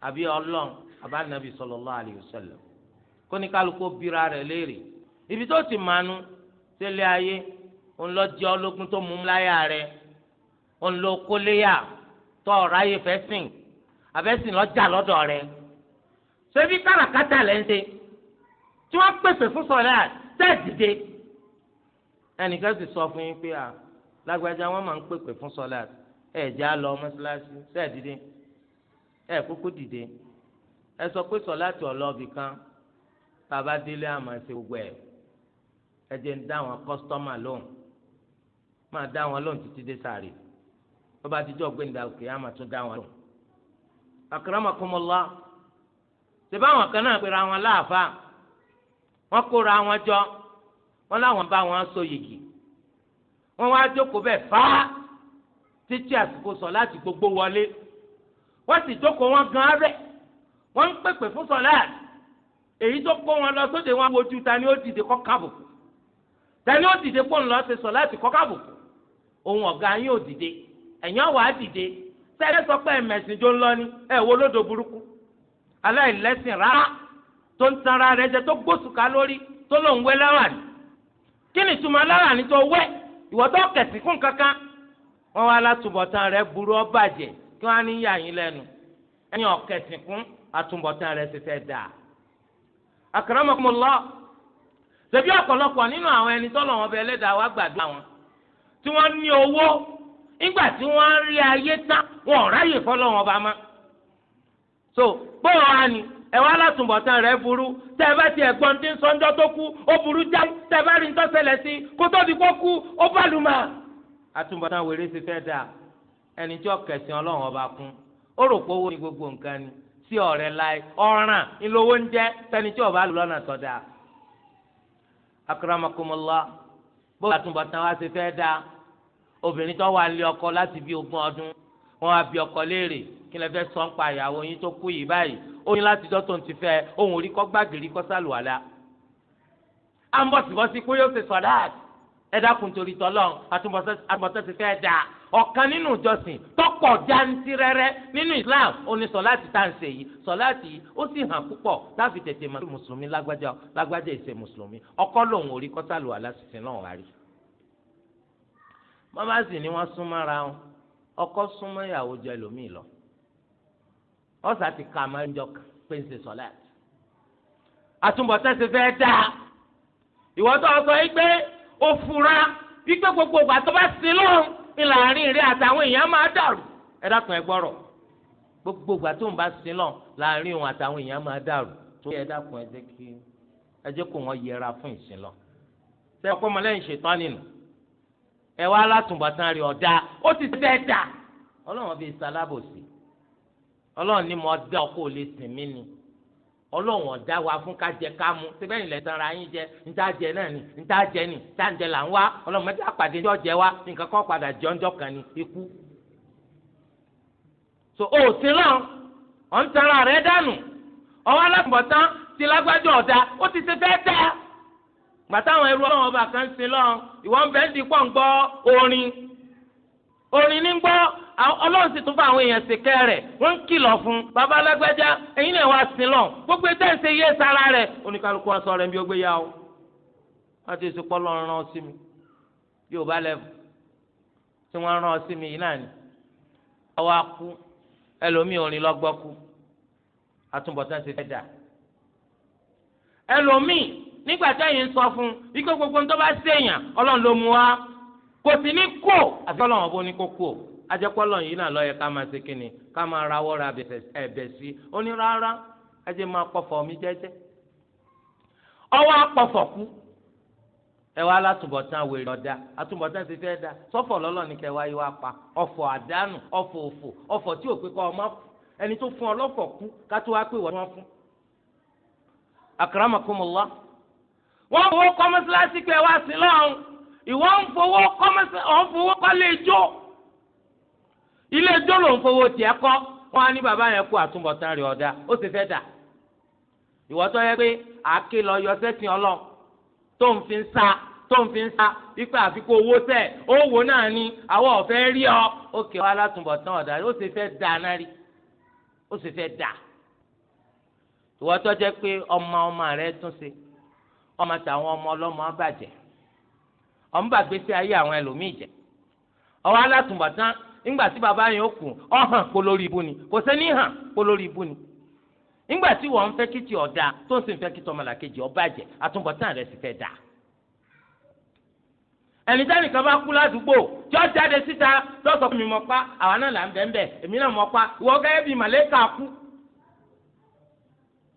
àbí Ọlọ́run àbá kó ní rẹ̀ léèrè ibi tó ti mànú ayé tó mú ṣebí káràkátà lẹ́ ń ṣe tí wọ́n pèsè fún sọ̀rọ̀ à tẹ́ẹ̀dìde ẹnìkan sì sọ fún yín pé à lágbájá wọn máa ń pèpè fún sọ̀rọ̀ à ẹ̀ẹ́dì á lọ mọ́ṣáláṣí tẹ́ẹ̀dìde ẹ̀ kúkú dìde ẹ sọ pé sọ̀rọ̀ àti ọlọ́ọ̀bì kan bàbá délé àmọ́ ṣe gbogbo ẹ̀ ẹ jẹ́ ń dá àwọn kọ́sítọ́mà lóhùn máa dá wọn lóhùn títí dé sáré bàbá àtijọ́ gbẹ̀ndà òkè àmọ́ tún dá wọn lóhùn. àkàràmàkùmọ̀lá ṣèbá àwọn kan náà pera wọn láàfáà wọn kóra wọn jọ wọn láwọn bá wọn so yìgì wọn wá jókòó bẹ́ẹ̀ fáá títí àsìkò sọ láti gbogbo wọlé wọn sì jókòó wọn gan rẹ wọn ń pèpè fún sọlá èyí tó kó wọn lọ sóde wọn wojú ta ni ó dìde kọ kábùkù ta ni ó dìde kó ń lọ ṣe sọlá ti kọ kábùkù òun ọ̀gá yín ò dìde ẹ̀yìn ọ̀wà á dìde sẹ́yìn sọ pé ẹ̀mẹ̀sìn jó ń lọ ni ẹ̀ wo lódò burúkú aláìlẹ́sìn rárá tó ń tanra rẹ̀ jẹ tó gbósùká lórí tó lòún wẹ́ láwàní kí ni ìtumọ̀ aláwàní tó wẹ́ ìwọ tó kẹ̀sìn kún kankan wọn wá látúbọ̀tán rẹ̀ burú ó bàjẹ́ kí wọ́n á ní yàyín lẹ́nu ẹ̀yin ọ̀kẹ̀sìn kún àtúbọ̀tán rẹ̀ ti fẹ́ dà akramakumullah ṣebí ọ̀pọ̀lọpọ̀ nínú àwọn ẹni tọ́lọ̀ wọn bẹ ẹlẹ́dàá wa gbàdúrà wọn tí wọ́n ní owó nígbà tí wọ́n rí ayé tán wọn ò ráyè fọ́lọ́ wọn máa so bóyá wa ni ẹ wá látúbọ̀tán rẹ̀ burú tẹ́ ẹ bá tiẹ̀ gbọ́n tí ń sọ́njọ́ tó kú ó burú jáì tẹ́ ẹ bá rí nǹkan ṣẹlẹ̀ sí kó tó di kó kú ó bá lù mà. àtúbọ̀tán wèrè sì fẹ́ dà ẹni tí ọ̀kẹ̀sìn ọlọ́run ọba kún ó rò pé owó ni gbogbo nǹkan ni sí ọ̀rẹ́ láì ọ̀ràn ńlọ́wọ́ ń jẹ́ tẹni tí ọba lù lọ́nà sọ̀dà. akaramakomola bóyá àtúbọ̀tán wa sì fẹ́ dà obìnrin tó wà lé ọkọ láti bí ogún ọdún wọn wá bí ọkọ léèrè kí lẹ fẹ́ sọ ń pa ìyàwó yín tó kú yìí báyìí ó ní láti jọ́ tó ń ti fẹ́ ohun orí kọ́ gbàgìrì kọ́ sálùwàlà à ń bọ̀sibọ́sí pé yóò ṣe sọ̀dáàtì ẹ dákun torí tọ́lọ́ àtúbọ̀tẹ́ ti fẹ́ dà ọ̀kan nínú ìjọsìn tọ́pọ̀ jantirẹrẹ nínú Islam ó ní sọ̀láàtì tá à ń ṣe yìí sọ̀láàtì yìí ó sì hàn púpọ̀ láti tètè mọ̀ mùsùlùmí lágbájá lágbájá ìṣe mùsùlùmí ọkọ lòun ò rí kọ́sálùwàlà sísìn náà wá rí mọ́másì ni wọ́n súnmọ́ra wọn ọkọ súnmọ́ ìyàwó ọ̀sà ti ka máa ń jọ pé ń ṣe sọ̀lá àtúbọ̀tán ṣe fẹ́ dá ìwọ́n tó sọ yìí pé ó fura wípé gbogbo ìgbà tó bá sí lóhùn ìlà àárín ìrẹ́ àtàwọn èèyàn máa dàrú ẹ dákun ẹ gbọ́rọ̀ gbogbo ìgbà tó ń bá sí lọ láàrin òun àtàwọn èèyàn máa dàrú tó yẹ dákun ẹ jẹ́ kí ẹ jẹ́ kó wọn yẹra fún ìsìn lọ. ṣé ọkọ ọmọlẹ́yìn ṣètọ́ nínú ẹ wá látùbọ̀tán rí ọ̀dà ó ti tẹ́ dà ọlọ́run bíi sálábòsì ọlọ́run ní mo dá ọkọ lè sìn mí ni ọlọ́run ọ̀dá wa fún ká jẹ ká mu síbẹ̀ ìlẹ̀ sanra yín jẹ níta jẹ náà ni níta jẹ ni níta jẹ là ń wá ọlọ́run mẹ́ta pàdé ní ọ̀jẹ̀ wa nǹkan kan padà jọ ń dọ̀kan ni ikú. so o ti rán ọ̀ ń tara rẹ̀ dànù ọwọ́ alábọ̀tán ti lágbájọ ọ̀dà ó ti ṣe fẹ́ẹ́ tẹ́ gbàtà àwọn ẹrú ọlọ́run ọba kan ń sin ìwọ́n bẹ́ẹ̀ ń orin ní gbọ́ ọlọ́run sì tún fún àwọn èèyàn sìkẹ́ rẹ̀ wọ́n ń kìlọ̀ fún bàbá lọ gbogbo ẹ̀dá ń ṣe re sára rẹ̀ re ọ̀sọ́ rẹ̀ bí ó gbé yá o wọ́n ti sùpọ̀ lọ́run rán ọ sí mi bá lẹ́fù tí wọ́n rán ọ sí mi yìí náà ni ọwọ́ akú ẹlòmíì orin ti ẹlòmíì nígbà sọ fún gbogbo kò sì ní kó àfikọ́lọ́ wọn bó ní kó kó ajẹ́kọ́lọ́ yìí náà lọ́yẹ ká máa ṣe kínni ká máa rawọ́ ra ẹ̀bẹ̀ sí i ó ní rárá máa pọ̀fọ̀ mi jẹ́jẹ́ ọwọ́ kú ẹ wá látúbọ̀tán wèrè ọ̀dà àtúbọ̀tán ti fẹ́ da sọ́fọ̀ pa ọ̀fọ̀ àdánù ọ̀fọ̀ òfò ọ̀fọ̀ tí ò pé kọ́ ọmọ ẹni tó fún kú wá wọ́n fún. wọ́n ìwọ ń fowó kọ́mẹ́sẹ̀ ọ̀ ń fowó kọ́lé ijó ilé ijó ló ń fowó tiẹ̀ kọ́ wọn á ní bàbá yẹn kú àtúbọ̀tán rẹ̀ ọ̀dà ó sì fẹ́ dà ìwọ tó yẹ pé àáké lọ yọ sẹ́sìn ọlọ́ tó ń fi ń sa tó ń fi ń sa ipa àfikún owó sẹ̀ ó wò náà ni àwọn ọ̀fẹ́ rí ọ ó kẹ́ ọ alátúbọ̀tán ọ̀dà ó sì fẹ́ dà náà rí ó sì fẹ́ dà ìwọ tó jẹ́ pé ọmọ ọmọ rẹ tún ṣe ọmọ tàwọn ọmọ ọlọ́mọ bàjẹ́ ọ̀n bà gbèsè ayé àwọn ẹlòmíì jẹ́ ọwọ́ alátùnbọ̀tán nígbà tí bàbá yẹn ó kù ọ hàn kó lórí ibú ni kò sẹ́ni hàn kó lórí ibú ni nígbà tí wọ́n ń fẹ́ kí ti ọ̀dà tó ń sì ń fẹ́ kí tọmọlàkejì ọba jẹ àtúbọ̀tán rẹ̀ sì fẹ́ dà ẹni tẹ́nì kan bá kú ládùúgbò tí ó jáde síta lọ́sọ̀ mi mọ̀ pa àwa náà là ń bẹ́ẹ̀ bẹ́ẹ̀ èmi náà mọ̀ pa ìwọ gẹ́gẹ́ bíi màlẹ́kà kú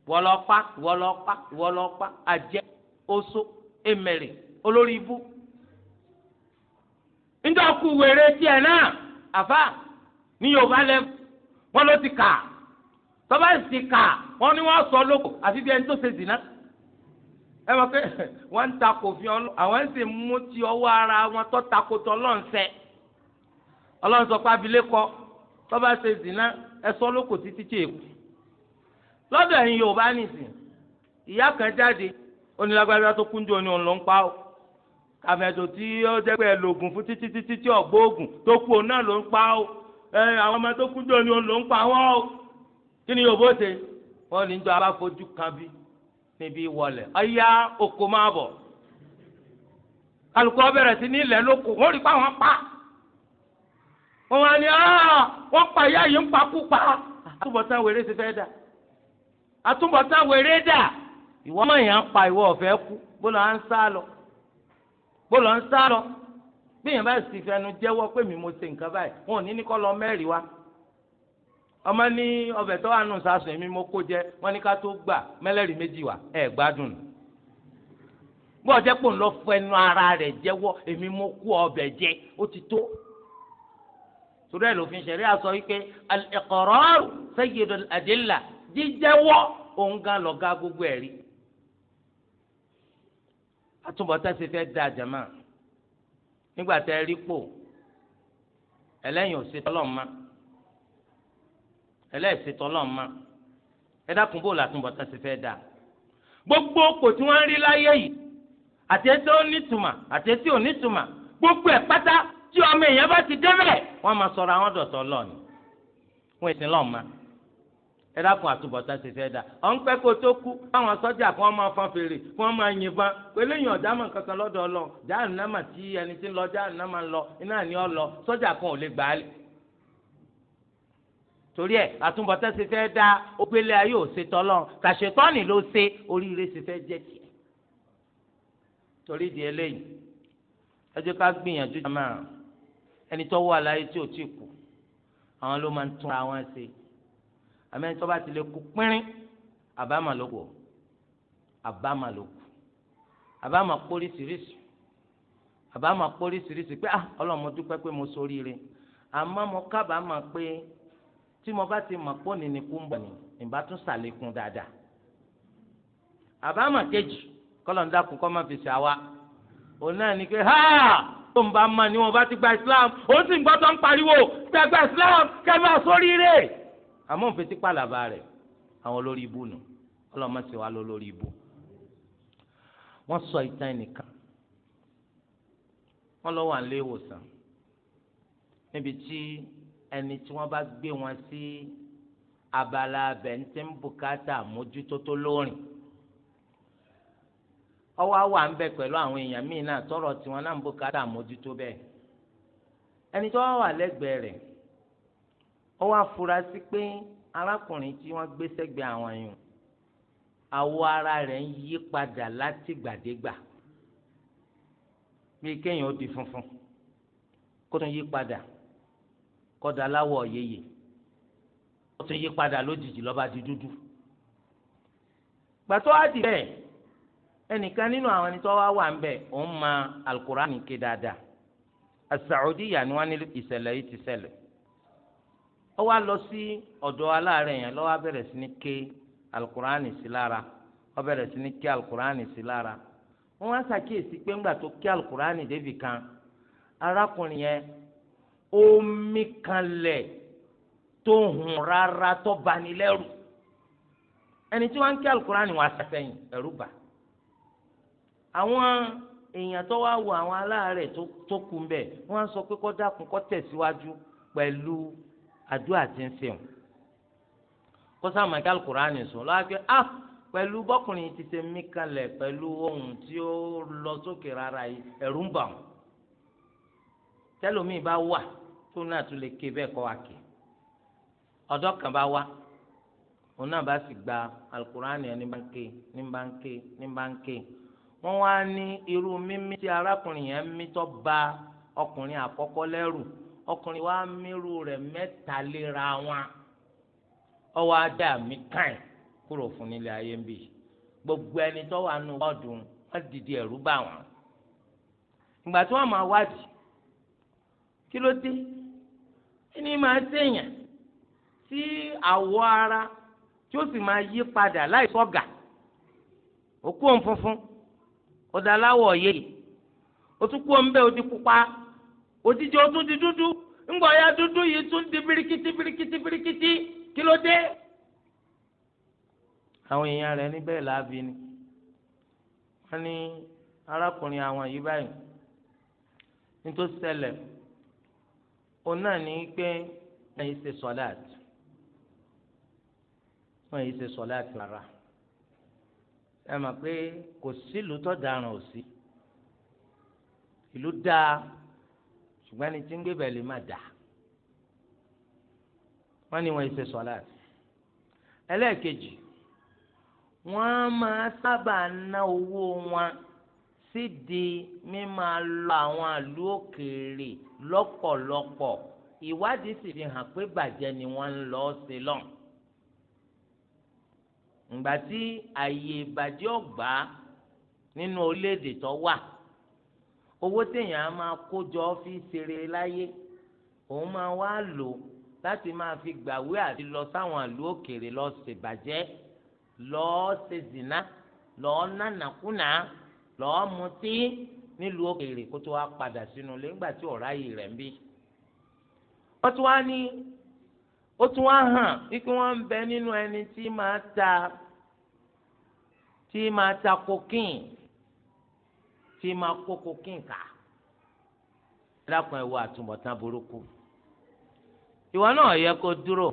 wọ́lọ́pá wọ́lọ́pá wọ́lọ́pá àjẹ́ oṣó emèrè olórí ibú níjọ́ kú wèrè tiẹ̀ náà àfa ní yorùbá lẹ wọn ló ti kà tọ́ba ti kà wọn ni wọ́n sọ lóko àfi bí ẹni tó ṣe zìnà ẹ mọ̀ pé wọ́n ń ta kò fi ọlọ́ àwọn ń sì mú ti ọwọ́ ara wọn tó ta kò tó ọlọ́run sẹ́ ọlọ́run sọ pé abilékọ tọ́ba ṣe zìnà ẹ sọ lóko títí tí èkó lọ́dọ̀ ẹ̀yin yorùbá nìsín ìyá kan jáde onílágbára tó kúnjọ ni òun ló ń pa ọ́ àfẹ̀tò tí ó jẹ́ pé ẹlòògùn fún títí títí tí ọ̀gbọ́ọ̀gùn tó kú òun náà ló ń pa ó àwọn ọmọ tó kú jọ ni òun ló ń pa wọ́n ó kí ni yòówó ṣe wọ́n ní jọ abáfojú kan bí níbi ìwọlẹ ọyá oko máa bọ̀ kálukú ọbẹ̀rẹ̀ sí ní ilẹ̀ lóko wọ́n rí pa wọ́n pa wọ́n wá ní ah, wọ́n pa ìyá yìí ń pakú pa àtúbọ̀tán wèrè ti fẹ́ dà àtúbọ̀tán wèrè dà ìwọ́n mọ̀ bó lọ ń sá lọ bí yẹn bá sì fẹnu jẹ́wọ́ pé mi mo ṣe nǹkan báyìí wọn ò ní ní kọ́ lọ mẹ́rin wa ọmọ ní ọbẹ̀ tó wà nù sásùn èmi mo kó jẹ wọn ní ká tó gbà mẹ́lẹ́rìí méjì wa ẹ̀ gbádùn bí ọjọ́ pò ń lọ fẹnu ara rẹ̀ jẹ́wọ́ èmi mo kó ọbẹ̀ jẹ ó ti tó torí ẹ̀ lòfin ṣẹ̀rí àsọ wípé al-iqrar sayyidul jíjẹ́wọ́ òun gan lọ́gá gbogbo ẹ̀rí àtúbọ̀tán ṣe fẹ́ da àjàmà nígbà tẹ́ rí pò ẹlẹ́yìn òṣètò ọlọ́mọ ẹlẹ́ṣètò ọlọ́mọ ẹ dákun bò látúbọ̀tán ṣe fẹ́ da gbogbo òpò tí wọ́n ń rí láyé yìí àti ẹtí ó nítumà àti ẹtí ò nítumà gbogbo ẹ̀ pátá tí ọmọ èèyàn bá ti débẹ̀ wọ́n máa sọ̀rọ̀ àwọn dọ̀tọ̀ lọ́ọ̀ni wọ́n èsì lọ́ọ̀ máa ẹ dákun àtúbọ̀tán ti fẹ́ da ọ̀n pẹ́ kó tó kú báwọn sọ́jà kí wọ́n máa fọn fèrè kí wọ́n máa yìnbọn pé lẹ́yìn ọ̀dà mọ̀ kankan lọ́dọ̀ ọlọ jáàrú náà mà tí ẹni tí ń lọ jáàrú náà mà ń lọ iná ni ọ lọ sọ́jà kan ò lè gbà á lè. torí ẹ àtúbọ̀tán ti fẹ́ da ògbélé ayé ò ṣe tọ́lọ́ kàṣetọ́nì ló ṣe oríire ti fẹ́ jẹ́ tiẹ̀. torí di eléyìí ẹ jẹ́ ká gbìyànjú àmẹ́ni tó bá ti lè kú pínrín àbámà ló kù àbámà ló kù àbámà póríṣiríṣi àbámà pé ah ọlọ́run mo dúpẹ́ pé mo ṣoríire àmọ́ mo kábàámà pé tí mo bá ti mọ̀ pọ́ ní ní kú ń bọ̀ ní ìbá tún ṣàlékún dáadáa àbámà kejì kọ́ má fi ṣe àwa òun náà ni pé ha tó ń bá ma ni wọn bá ti gba Islam òun sì ń gbọ́ tó ń pariwo gbàgbà Islam kẹ́ máa ṣoríire àmọ́ òfin tí pàlàbà rẹ̀ àwọn olórí ibú nù ọlọ́mọ sì wà lórí ibú. wọ́n sọ ìtàn ẹnìkan wọ́n lọ wà nílé ìwòsàn níbi tí ẹni tí wọ́n bá gbé wọn sí abala abẹ ń tẹ́ ń bùkátà mójútó tó lóorìn ọwọ́ àwọ̀ à ń bẹ pẹ̀lú àwọn èèyàn míì náà tọrọ tiwọn náà ń bùkátà mójútó bẹ́ẹ̀ ẹni tó wà wà lẹ́gbẹ̀ẹ́ rẹ̀ ó wá fura sí pé arákùnrin tí wọ́n gbé sẹ́gbẹ̀ẹ́ àwọn yìí àwọ̀ ara rẹ̀ ń yí padà láti gbàdégbà bí kéèyàn ó di funfun kó tún yí padà kọ́dà aláwọ̀ yeye ó tún yí padà lójijì ló bá di dúdú gbàtọ́ á di bẹ́ẹ̀ ẹnìkan nínú àwọn ẹni tó wá wà ń bẹ òun ma alukurani ké dáadáa asaudiya ni wọ́n ní ìṣẹ̀lẹ̀ yìí ti ṣẹlẹ̀ ó wá lọ sí ọ̀dọ̀ aláàárẹ̀ yẹn ló wá bẹ̀rẹ̀ sí ní ké alukur'ani sí lára ó bẹ̀rẹ̀ sí ní ké alukur'ani sí lára wọ́n wá ṣàkíyèsí pé ńgbà tó ké alukur'ani débì kan arákùnrin yẹn omi kanlẹ̀ tó hùn rárá tó bani lẹ́rù ẹni tí wọ́n ń ké alukur'ani wọ́n aṣàfẹ́yìn ẹ̀rù bà àwọn èèyàn tó wá wo àwọn aláàárẹ̀ tó kú ń bẹ̀ wọ́n á sọ pé kó dákun kó tẹ̀síwájú pẹ̀lú àdúrà ti ń sèwọn kó sáà máa kí alukur'ani sùn lọ́wọ́ pé ah pẹ̀lú bọ́kùnrin ti ṣe mí kalẹ̀ pẹ̀lú ohun tí ó lọ sókè rárá yìí ẹ̀rù ń bà wọ́n tẹ́lómi bá wà tó náà tún lè ké bẹ́ẹ̀ kọ́ wa kì ọ̀dọ́ kan bá wà òun náà bá sì gba alukur'ani ẹni bá ní bá ní bá wọ́n wá ní irú mímí tí arákùnrin yẹn mí ba ọkùnrin àkọ́kọ́ lẹ́rù ọkùnrin wa mírù rẹ̀ wọn ọwọ́ adá mi kàn kúrò fún nílé ayé ń gbogbo ẹni tó wà nù ọdún wọn dìde wọn ìgbà tí wọn máa wádìí kí ló dé ẹni máa tí ara tí ó sì máa yí padà láì òkú òun funfun òjijì ó tún di dúdú ńgbọ ya dúdú yìí tún di birikiti birikiti birikiti kí ló dé. àwọn èèyàn rẹ̀ níbẹ̀ láàbì ni wọ́n ní arákùnrin àwọn yìí báyìí nítorí ṣẹlẹ̀ òun náà ní pé wọ́n yìí ṣe sọ́láàtì wọ́n yìí ṣe sọ́láàtì rárá ẹ mọ̀ pé kò sílùú tó daràn ò sí ìlú dáa ṣùgbọ́n ẹni tí ń gbé bẹ̀ lè má dà wọ́n ní wọ́n ṣe sọ́lá ẹlẹ́ẹ̀kejì wọ́n máa sábà ná owó wọn sídìí mímáa lọ àwọn àlú òkèèrè lọ́pọ̀lọpọ̀ ìwádìí sì fi hàn pé bàjẹ́ ni wọ́n ń lọ ṣe lọ́n ǹgbà àyè ìbàjẹ́ ọ̀gbá nínú orílẹ̀-èdè tó wà owó téèyàn á máa kó jọ fi ṣeré láyé òun máa wá lò láti máa fi gbàwé àti lọ sáwọn àlù òkèèrè lọ ṣèbàjẹ́ lọ ṣe zìnà lọ nánàkúnà lọ mutí nílùú òkèèrè kó tó wá padà sínú ilé nígbà tí ọ̀rá yìí rẹ̀ ń bí. wọ́n tún wá ní ó tún wá hàn wípé wọ́n ń bẹ nínú ẹni tí máa ta tí máa ta kokéènì tí máa kókó kínka ẹlẹ́kùn ẹ̀wọ̀ àtúbọ̀tán burúkú ìwọ náà yẹ kó dúró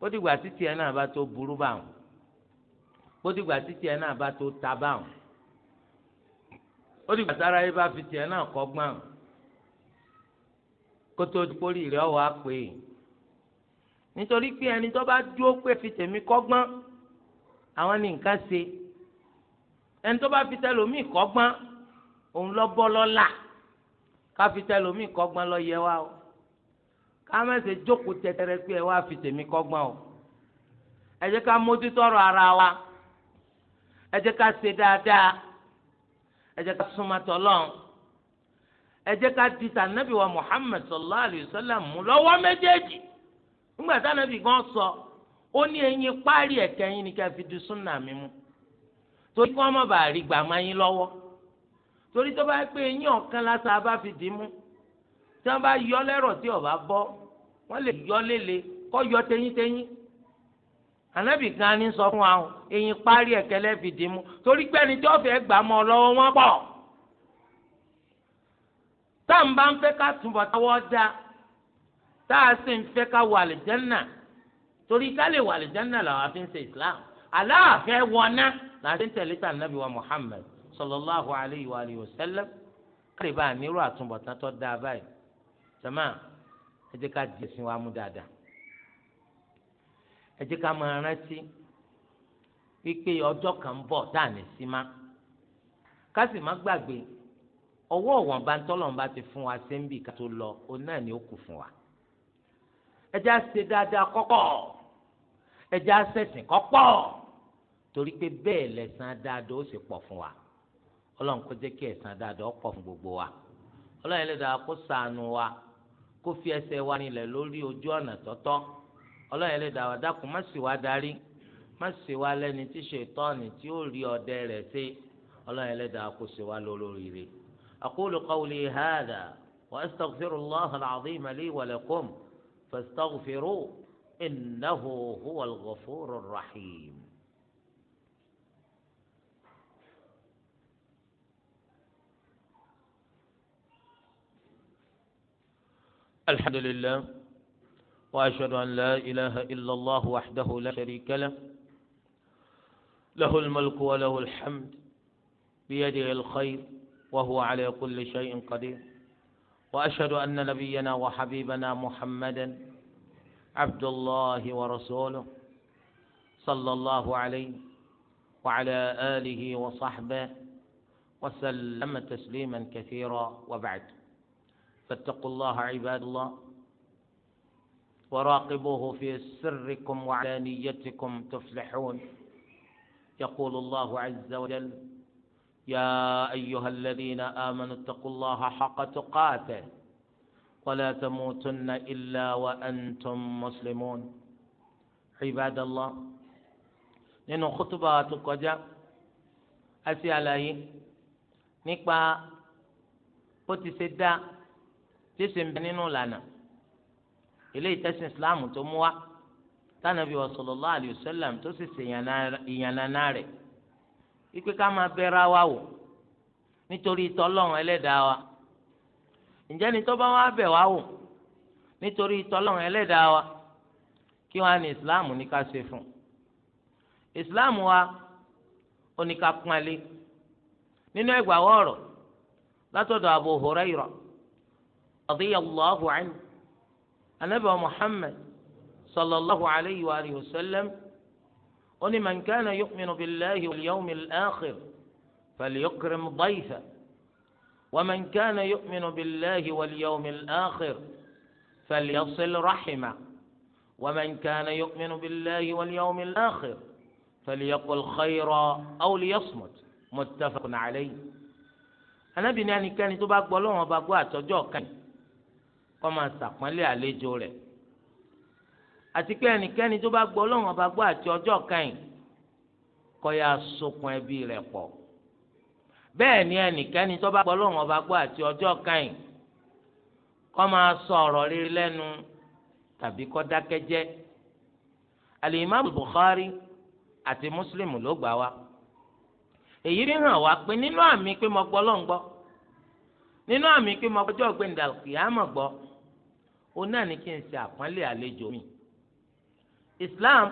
ó dìgbà títí ẹ náà bá tó burú báwọn ó dìgbà títí ẹ náà bá tó ta báwọn ó dìgbà sára yìí bá fi tiẹ̀ náà kọ́gbọ́n kó tó dikórì rẹ̀ wá pé nítorí pé ẹni tó bá dúró pé fi tèmi kọ́gbọ́n àwọn ní nǹkan ṣe ẹni tó bá fi tẹlòmíì kọ́gbọ́n òun lọ́bọ́ lọ́la káfíńtà lomi kọ́gbọ́n lọ yẹ wa o ka jókòó tẹ̀tẹ̀rẹ̀ pé ẹ wá fi tèmi o ẹ ká ara wa ẹ jẹ́ ká ṣe dáadáa ẹ jẹ́ ká wa muhammed sallallahu alayhi wa sallam méjèèjì gan sọ ó ní eyín ni ká fi di súnà torí kí má bàa torí tó bá pé eyín ọ̀kan lásán abá fi dì í mú tí wọ́n bá yọ lẹ́rọ̀ tí ọ̀bá bọ́ wọ́n lè yọ lélẹ̀ kọ́ yọ tẹ́yìntẹ́yìn ànábì kan ní sọ fún wa o eyín parí ẹ̀kẹ́lẹ́ fi dì í mú torí pé ẹni tí wọ́n fẹ́ gbà mọ́ ọ lọ́wọ́ wọn pọ̀ tá à ń bá ń fẹ́ ká túbọ̀ táwọ́ dá tá a sì ń fẹ́ ká wà àlìjẹ́nà torí ká lè wà àlìjẹ́nà làwọn afi ń ṣe Islam aláàfẹ́ wọná làá ti ń tẹ̀lé Muhammad sallallahu alayhi wa alihi wa sallam káàdì bá nírú àtúbọ̀tán tó dáa báyìí jama ẹ jẹ́ ká di ẹ̀sìn wa mú dáadáa ẹ jẹ́ ká máa rántí wípé ọjọ́ kan bọ̀ dáa ní sí má ká sì má gbàgbé ọwọ́ ọ̀wọ́n bá ń tọ́lọ́run bá ti fún wa ṣé ká tó lọ òun náà ni ó kù fún wa ẹ á ṣe dáadáa kọ́kọ́ ẹ á ṣẹ̀sìn kọ́kọ́ torí pé bẹ́ẹ̀ lẹ̀san dáadáa ó sì pọ̀ fún wa ọlọ́run kó jẹ́ kí ẹ̀san dáadáa ọ̀pọ̀ fún gbogbo wa ọlọ́run ẹlẹ́dàá kó ṣàánú wa kó fi ẹsẹ̀ wa nílẹ̀ lórí ojú ọ̀nà tọ́tọ́ ọlọ́run ẹlẹ́dàá wa dákun má sì wá darí má sì wá lẹ́ni tí ṣètọ́ọ̀nì tí ó rí ọdẹ rẹ̀ ṣe ọlọ́run ẹlẹ́dàá kó ṣe wá lórí rẹ̀ aqulu qawli hadha wa astaghfirullaha al-azim li wa lakum fastaghfiruhu الحمد لله واشهد ان لا اله الا الله وحده لا شريك له له الملك وله الحمد بيده الخير وهو على كل شيء قدير واشهد ان نبينا وحبيبنا محمدا عبد الله ورسوله صلى الله عليه وعلى اله وصحبه وسلم تسليما كثيرا وبعد فاتقوا الله عباد الله وراقبوه في سركم وعلانيتكم تفلحون يقول الله عز وجل يا ايها الذين امنوا اتقوا الله حق تقاته ولا تموتن الا وانتم مسلمون عباد الله لأن kótóbá tó اسي عليه ṣe àlàyé tí sì ń bẹ nínú lànà ilé ìtẹ́sìn ìsìláàmù tó mú wa tánàbí wa sallallahu alayhi tó sì ṣe ìyànnànà rẹ̀ ikú ká máa bẹ́ra wa wò nítorí wa ǹjẹ́ ni bá wá bẹ̀ wá wò nítorí wa kí wọ́n á ní ní ká ṣe fún wa ó nínú ẹgbàá wọ̀ọ̀rọ̀ látọ̀dọ̀ رضي الله عنه النبي محمد صلى الله عليه وآله وسلم قل من كان يؤمن بالله واليوم الآخر فليكرم ضيفه ومن كان يؤمن بالله واليوم الآخر فليصل رحمه ومن كان يؤمن بالله واليوم الآخر فليقل خيرا أو ليصمت متفق عليه أنا بني يعني كان تبقى بلوم بقوا تجوكني kọ́ máa ṣàpọ́nlé àlejò rẹ̀ àti pé ẹnikẹ́ni tó bá gbọ́ ọlọ́run ọba gbọ́ àti ọjọ́ kẹyìn kọ́ ya sokun ẹbí rẹ̀ pọ̀ bẹ́ẹ̀ ni ẹnikẹ́ni tó bá gbọ́ ọlọ́run ọba gbọ́ àti ọjọ́ kẹyìn kọ́ máa sọ ọ̀rọ̀ rírí lẹ́nu tàbí kọ́ dákẹ́ alimami Bukhari àti Muslim ló gbà wá èyí rí hàn wá pé nínú àmì pé mo gbọ́ ọlọ́run gbọ́ nínú àmì pé mo gbọ́jọ́ gbẹ̀ndàkìyàmọ̀ gbọ́ òun náà ní kí n ṣe àpọ́nlé àlejò mi islam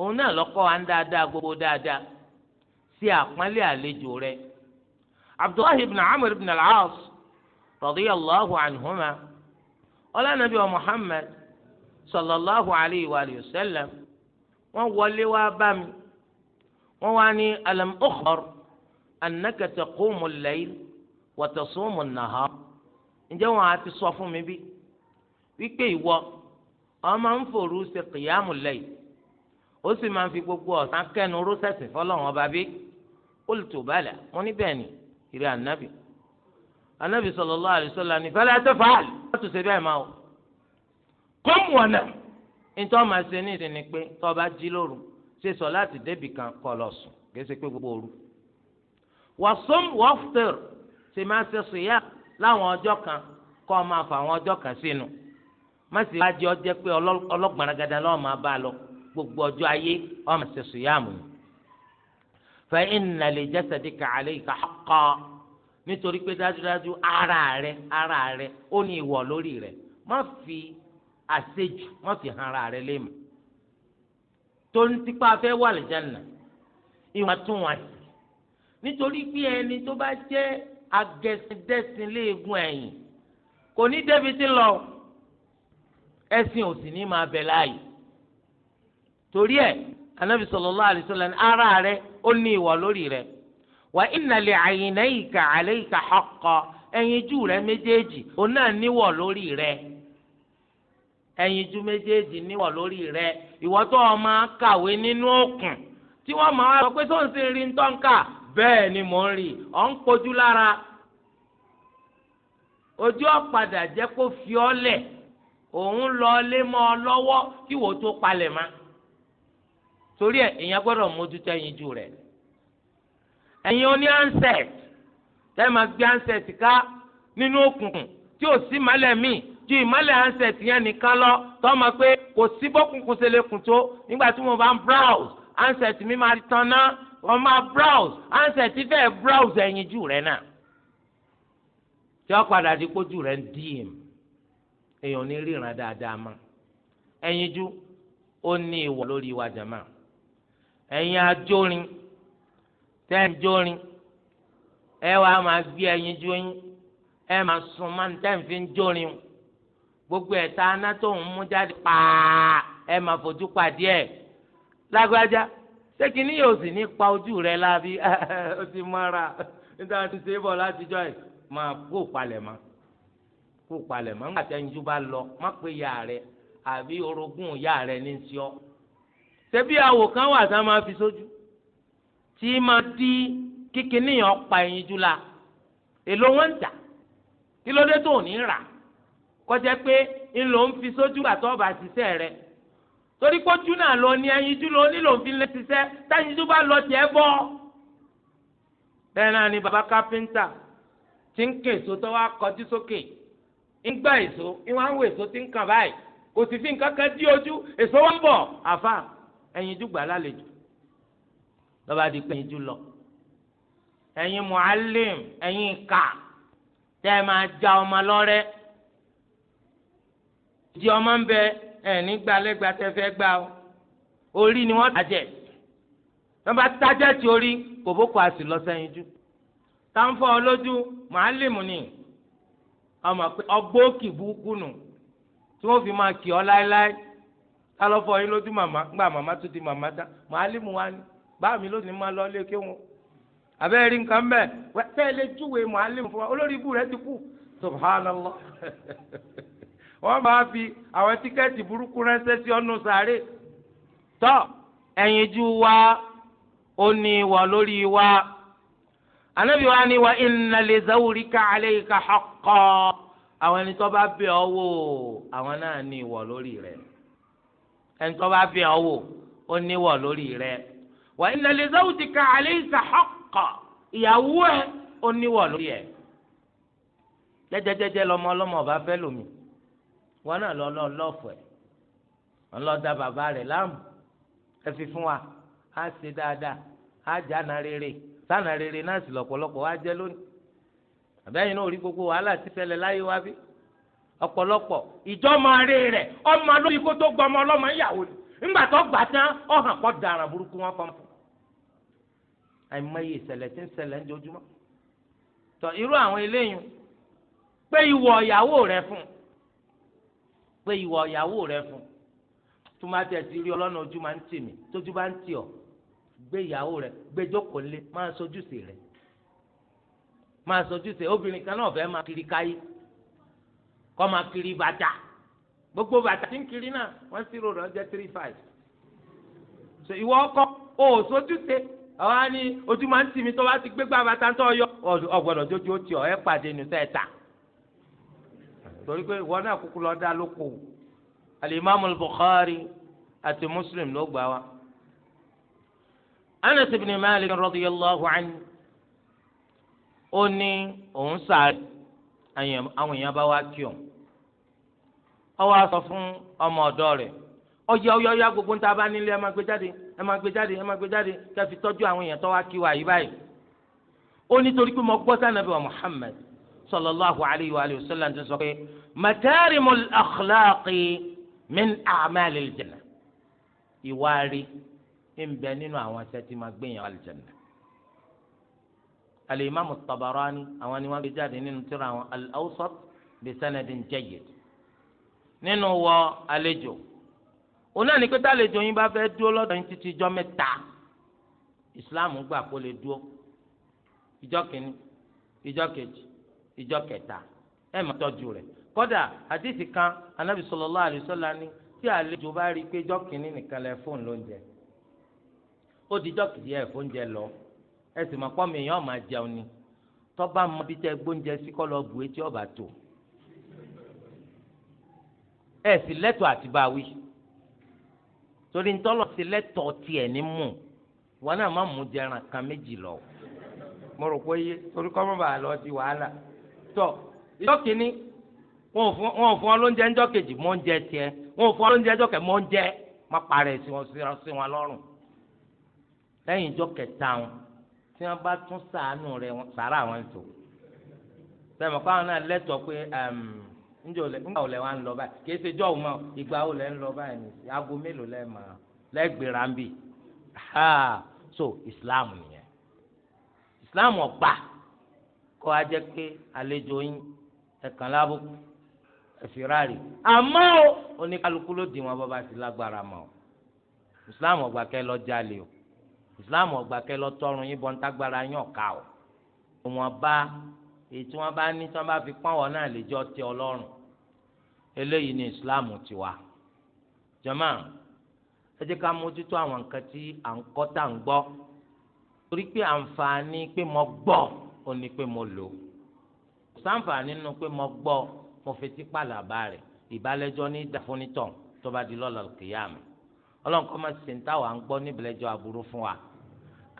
òun náà lọ́kọ́ wa ń dáadáa gbogbo dáadáa ṣe àpọ́nlé àlejò rẹ abdullahi ibn amr ibn al-aas radiyallahu anhuma ọlọ́nàbí wa muhammad sallallahu alayhi wa sallam wọ́n wọlé wá bá mi wọ́n wá ní alam ukhbar annaka taqumu al-layl wa tasumu an-nahar ǹjẹ́ wọn àti sọ fún mi bíi wípé ìwọ ọmọ ń fòrú ṣe kìyàmù lẹ́yìn ó sì máa ń fi gbogbo ọ̀sán kẹ́nu rọ́sẹ̀sì fọlọ́run ọba bí qultu bala mo ni ìrẹ́ ànábì ànábì sallallahu alaihi wasallam ní fala tafal wọ́n tún ṣe bẹ́ẹ̀ máa o qum wa nam nítorí ọmọ ẹsẹ̀ ní ìsinmi pé tó bá jí lóru ṣe sọ láti débì kan kọ lọ sùn kì í ṣe pé gbogbo òru wasum waftir ṣe máa ṣe sùyà láwọn ọjọ́ kan kọ́ máa fà àwọn ọjọ́ kan sínú má sì wájú ọjẹ́ pé ọlọ́gbọ̀nragada lọ́wọ́ máa bá a lọ gbogbo ọjọ́ ayé ọmọ ṣe sùyàmù fa inna li jasadika alayka haqqan nítorí pé dájúdájú ara rẹ ara rẹ ó ní ìwọ lórí rẹ má fi àṣejù má fi hàn ara rẹ léèmù tó ń tipa fẹ́ wà lẹ́jẹ̀nà ìwà tún wà sí nítorí pé ẹni tó bá jẹ́ agẹ̀sìndẹ̀sìn léegun ẹ̀yìn kò ní débi tí lọ. E ò sì ní máa bẹ láàyè torí anabi sallallahu alaihi wasallam ara rẹ̀ ó ní ìwọ lórí wa ina le aynayka alayka haqqan ẹyinjú rẹ̀ méjèèjì ó náà níwọ lórí rẹ̀ ẹyinjú méjèèjì níwọ lórí ìwọ tó o máa kàwé nínú òkun tí máa sọ pé tó rí ń ká bẹ́ẹ̀ ni mò ń rí ọ̀ ń kojú lára ojú ọ̀padà jẹ́ kó fi ọ́ lẹ̀ òun lọ lé mọ́ ọ lọ́wọ́ kí wò ó tó torí ẹ̀ èèyàn gbọ́dọ̀ mójútó ẹyin rẹ̀ Ẹyin ó ní ansẹt tẹ́ máa gbé ansẹt ká nínú òkùnkùn tí ò sí malẹ̀ míì ju ìmọ̀lẹ̀ ansẹt yẹn nìkan lọ ma pé kò sí bọ́kùnkùn ṣe kùn mo bá ń browse ansẹt mi máa tán máa browse ansẹt browse ẹyin náà tí padà di èèyàn ní ríran dáadáa mọ́ ẹyinjú ó ní ìwọ lórí wa jàmá ẹ̀yin ajórin tẹ́ǹjórin ẹ wàá máa gbé ẹyinjú yín ẹ máa sun máa ń tẹ́ǹfì ń jórin gbogbo ẹ̀ta aná tó ń mú jáde pàà ẹ máa fojú pàdé ẹ̀ lágbájá sẹ́kìnní yóò sì ní pa ojú rẹ̀ láàbí ó ti mọ́ra nítorí ti ṣe é bọ̀ látijọ́ ẹ̀ máa kó palẹ̀ mọ́ kó palẹ̀ mọ́ nígbà tẹ́njú bá lọ má pé ya rẹ̀ àbí orogún ya rẹ̀ ní sí ọ. ṣebí wà tá máa fi sójú tí máa di kíkiní yẹn pa ẹyin jù la èló wọn ń tà kí ló dé tó ní rà kọjá pé ńlọ ń fi sójú àtọ́ bá ṣiṣẹ́ rẹ̀ torí kójú náà lọ ní ẹyinjú lọ nílò fi lè ṣiṣẹ́ táyinjú bá lọ tiẹ̀ bọ́ bẹ́ẹ̀ náà ni baba kápẹ́ńtà ti ń ké sotọ́ wa kọjú sókè. So ń gbá èso ìwọ̀n àwọn èso ti ń kàn báyìí kò sì fi nǹkan kan dí ojú èso wọn bọ̀ àfa ẹ̀yin jù lálejò lọ́ba di pé ẹ̀yin jù lọ ẹ̀yin mu'allim ẹ̀yin kà tẹ́ ẹ máa já ọmọ lọ́rẹ́ di ọmọ ń bẹ ẹ̀ẹ́nì gbalẹ́gba tẹ́ fẹ́ gbà ó orí ni wọ́n tàjẹ́ lọ́ba tájẹ́ ti orí kò bó kọ́ àsì lọ sẹ́yìn jù táwọn fọ́ ọ lójú mu'allim ni. ọmọ pé ọgbó kìbúkú nù tí wọ́n fi máa kì ọ́ láéláé ká lọ fọ yín lójú màmá ńgbà màmá tó di màmá dá màálímù wa ni báà mi lónìí máa lọ ilé kéwọn àbẹ́rẹ́ rí nǹkan bẹ́ẹ̀ wẹ́ tẹ́ẹ̀ lé júwèé màálímù fún wa olórí ibú rẹ ti kú subhanallah wọ́n máa fi àwọn tíkẹ́ẹ̀tì burúkú ránṣẹ́ sí ọ̀nù sàárè tọ́ ẹ̀yinjú wa ó ní ìwọ̀ lórí wa. anabi wa ni wa inna li zawrika alayka haqqan àwọn ẹni tó bá bẹ ọ wò àwọn náà ní ìwọ lórí rẹ ẹni tó bá bẹ ọ wò ó ní ìwọ lórí rẹ wa inna li zawjika alayka haqqan ìyàwó ẹ ó ní ìwọ lórí ẹ jẹjẹjẹjẹ lọmọ ọlọmọ ọba fẹ lomi wọn náà lọ lọ lọfọ ọlọdà bàbá rẹ láàmú ẹ fi fún wa á ṣe dáadáa á jà náà rere sánà rere náà sì lọ́pọ̀lọpọ̀ wá jẹ́ lónìí àbẹ́yìn náà rí gbogbo wàhálà ti fẹlẹ̀ láyé wá bí ọ̀pọ̀lọpọ̀ ìjọ́mọ̀re rẹ̀ ọmọ lórí kó tó gbọmọ ọlọ́mọ ìyàwó ni ńgbà tó gbà tán ọ̀hàn kọ́ dara burúkú wọn fọ́n fún àìmọye ìṣẹ̀lẹ̀ tí ń ṣẹlẹ̀ ń jojúmọ́ tọ irú àwọn eléyìí pé ìwọ ìyàwó rẹ fún pé ìwọ ìyàwó rẹ fún tó máa tẹ̀ sí rí ọlọ́nà ojú máa ń tì mí tójú bá ń tì ọ́ gbé ìyàwó rẹ gbé jókòó lé máa sojúṣe rẹ máa sojúṣe obìnrin kan náà fẹ́ máa kiri káyé kọ́ máa kiri bàtà gbogbo bàtà tí ń kiri náà wọ́n sì rò rẹ̀ ọjọ́ three five so ìwọ ọkọ o ò sojúṣe àwa ni ojú máa ń tì mí tó bá ti gbé gbà bàtà tó yọ ọgbọdọ jójú ó ti ọ ẹ pàdé nù sẹ ta torí pé ìwọ náà kúkú lọ dá lóko alimami Bukhari àti Muslim ló gbà wá anas ibn malik radiyallahu anhu ó ní òun sáré àwọn èèyàn bá wá kí òun ó wá sọ fún ọmọ ọ̀dọ̀ rẹ̀ ọyá ọyá ọyá gbogbo níta bá nílé ẹ máa gbé jáde ẹ máa gbé jáde ẹ máa gbé jáde kẹ́ fi àwọn èèyàn tó wá kí wa yìí báyìí ó nítorí pé mo gbọ́ sànàbí wa muhammad sallallahu alayhi wa sallam ti sọ pé matarimul akhlaaqi min a'malil janna ìwárí ń bẹ nínú àwọn iṣẹ́ tí máa gbéyàn alìjẹ̀nà. alimami tabarani àwọn ni wọ́n gbé jáde nínú tírà àwọn al-awsat bi sanadin jayyid nínú wọ àlejò òun náà ní pé tálejò yín bá fẹ́ dúró lọ́dọ̀ yín títí ijọ́ mẹ́ta ìsìláàmù gbà kó lè dúró ìjọ kìíní ìjọ kejì ìjọ kẹta ẹ máa tọ́jú rẹ̀ kódà àdìsí kan anábì sallallahu alaihi wasallam ní tí àlejò bá rí i pé ìjọ kìíní nìkan lẹ fóònù ó di dọ́kìtì ẹ̀ fóúnjẹ lọ ẹ sì mọ̀ pọ́nmi èèyàn máa jẹun ni tọ́ba mọ bí tẹ gbóúnjẹ sí kọ́ lọ bu etí ọ̀bà tó ẹ sì lẹ́tọ̀ọ́ àti bá wí torí ntọ́lọ́ sí lẹ́tọ̀ọ́ tiẹ̀ ní mú wọn náà má mú jẹran kan méjì lọ mo rò pé yé torí kọ́ mọ́ bàa lọ di wàhálà tọ́ ìjọ kìíní wọn ò fún ọ lóúnjẹ ńjọ kejì mọ́ oúnjẹ tiẹ̀ wọn ò fún ọ lóúnjẹ ńjọ kẹ mọ́ oúnjẹ má parẹ́ sí wọn lọ́rùn lẹ́yìn ìjọ kẹta wọn tí wọ́n bá tún sàánù rẹ̀ sàrà wọn tó sẹ́mi káwọn náà lẹ́tọ̀ọ́ pé ǹjọ́ ńgbà òlẹ̀ wa ń lọ báyìí kì í ṣe jọ́ọ̀ mọ́ ìgbà òlẹ̀ ń lọ báyìí aago mélòó lẹ́ẹ̀mọ́ lẹ́gbẹ̀rẹ̀ ń bì so Islam nìyẹn Islam ọ̀gbà kọ́ a jẹ́ pé àlejò yín ẹ̀kan lábùkù ẹ̀fìrarì àmọ́ oníkálukú ló dì wọ́n bọ́ bá ti lágbára mọ́ Islam ọ̀gbà kẹ́ lọ́ọ́ jalè o islam ọgbà kẹlọ tọrùn yín bọ́n tágbára yín ọ̀ka o wọn bá èyí wọn bá ní tí wọn bá fi pọ́n wọn náà lè jọ tẹ ọlọ́run eléyìí ni islam tiwa jọmọ ẹ jẹ́ ká mójútó àwọn nǹkan tí à ń kọ́ tá à ń gbọ́ torí pé àǹfààní pé mo gbọ́ ò ní pé mo lò kò sáǹfààní nínú pé mo gbọ́ mo fetí pàlàbà rẹ̀ ìbálẹ́jọ́ ní dàfúnitọ̀ tó bá di lọ́la kìyàmù ọlọ́nkọ́ máa ṣe ń táwọn à ń gbọ́ níbẹ̀lẹ́jọ́ aburú fún wa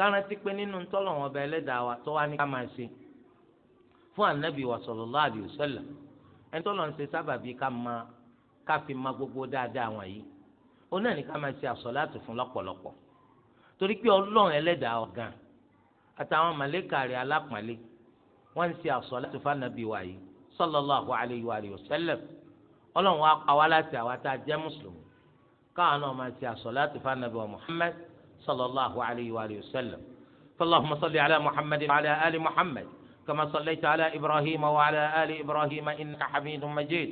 kárántí pé nínú ntọ́lọ̀ wọn ọba ẹlẹ́dàá wa tó wá ní ká máa ṣe fún anabi wa sallallahu alaihi wasallam ẹni tọ́lọ̀ ń ṣe sábàbí ká máa ká fi máa gbogbo dáadáa wọn yìí ó náà ní ká máa ṣe àsọ̀láàtì fún lọ́pọ̀lọpọ̀ torí pé ọlọ́run ẹlẹ́dàá wa gan àtàwọn màlẹ́kà rẹ̀ alápọ̀nlé wọ́n ń ṣe àsọ̀láàtì fún anabi wa yìí sallallahu alaihi wa alihi صلى الله عليه وآله وسلم فاللهم صل على محمد وعلى آل محمد كما صليت على إبراهيم وعلى آل إبراهيم إنك حميد مجيد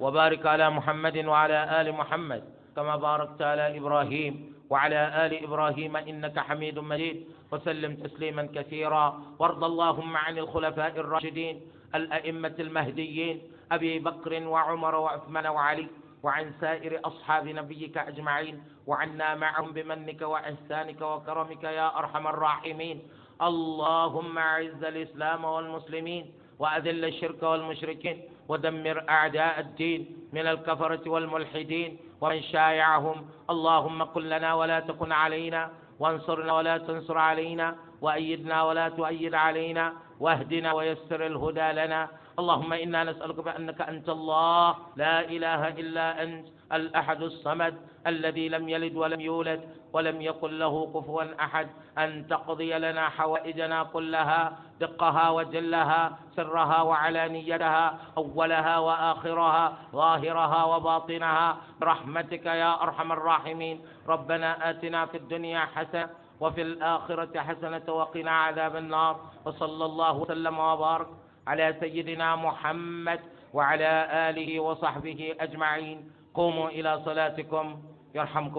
وبارك على محمد وعلى آل محمد كما باركت على إبراهيم وعلى آل إبراهيم إنك حميد مجيد وسلم تسليما كثيرا وارض اللهم عن الخلفاء الراشدين الأئمة المهديين أبي بكر وعمر وعثمان وعلي وعن سائر أصحاب نبيك أجمعين وعنا معهم بمنك وإحسانك وكرمك يا أرحم الراحمين اللهم أعز الإسلام والمسلمين وأذل الشرك والمشركين ودمر أعداء الدين من الكفرة والملحدين ومن شايعهم اللهم قل لنا ولا تكن علينا وانصرنا ولا تنصر علينا وأيدنا ولا تؤيد علينا واهدنا ويسر الهدى لنا اللهم إنا نسألك بأنك أنت الله لا إله إلا أنت الأحد الصمد الذي لم يلد ولم يولد ولم يكن له كفوا أحد أن تقضي لنا حوائجنا كلها دقها وجلها سرها وعلانيتها أولها وآخرها ظاهرها وباطنها برحمتك يا أرحم الراحمين ربنا آتنا في الدنيا حسنة وفي الآخرة حسنة وقنا عذاب النار وصلى الله وسلم وبارك على سيدنا محمد وعلى آله وصحبه أجمعين قوموا إلى صلاتكم يرحمكم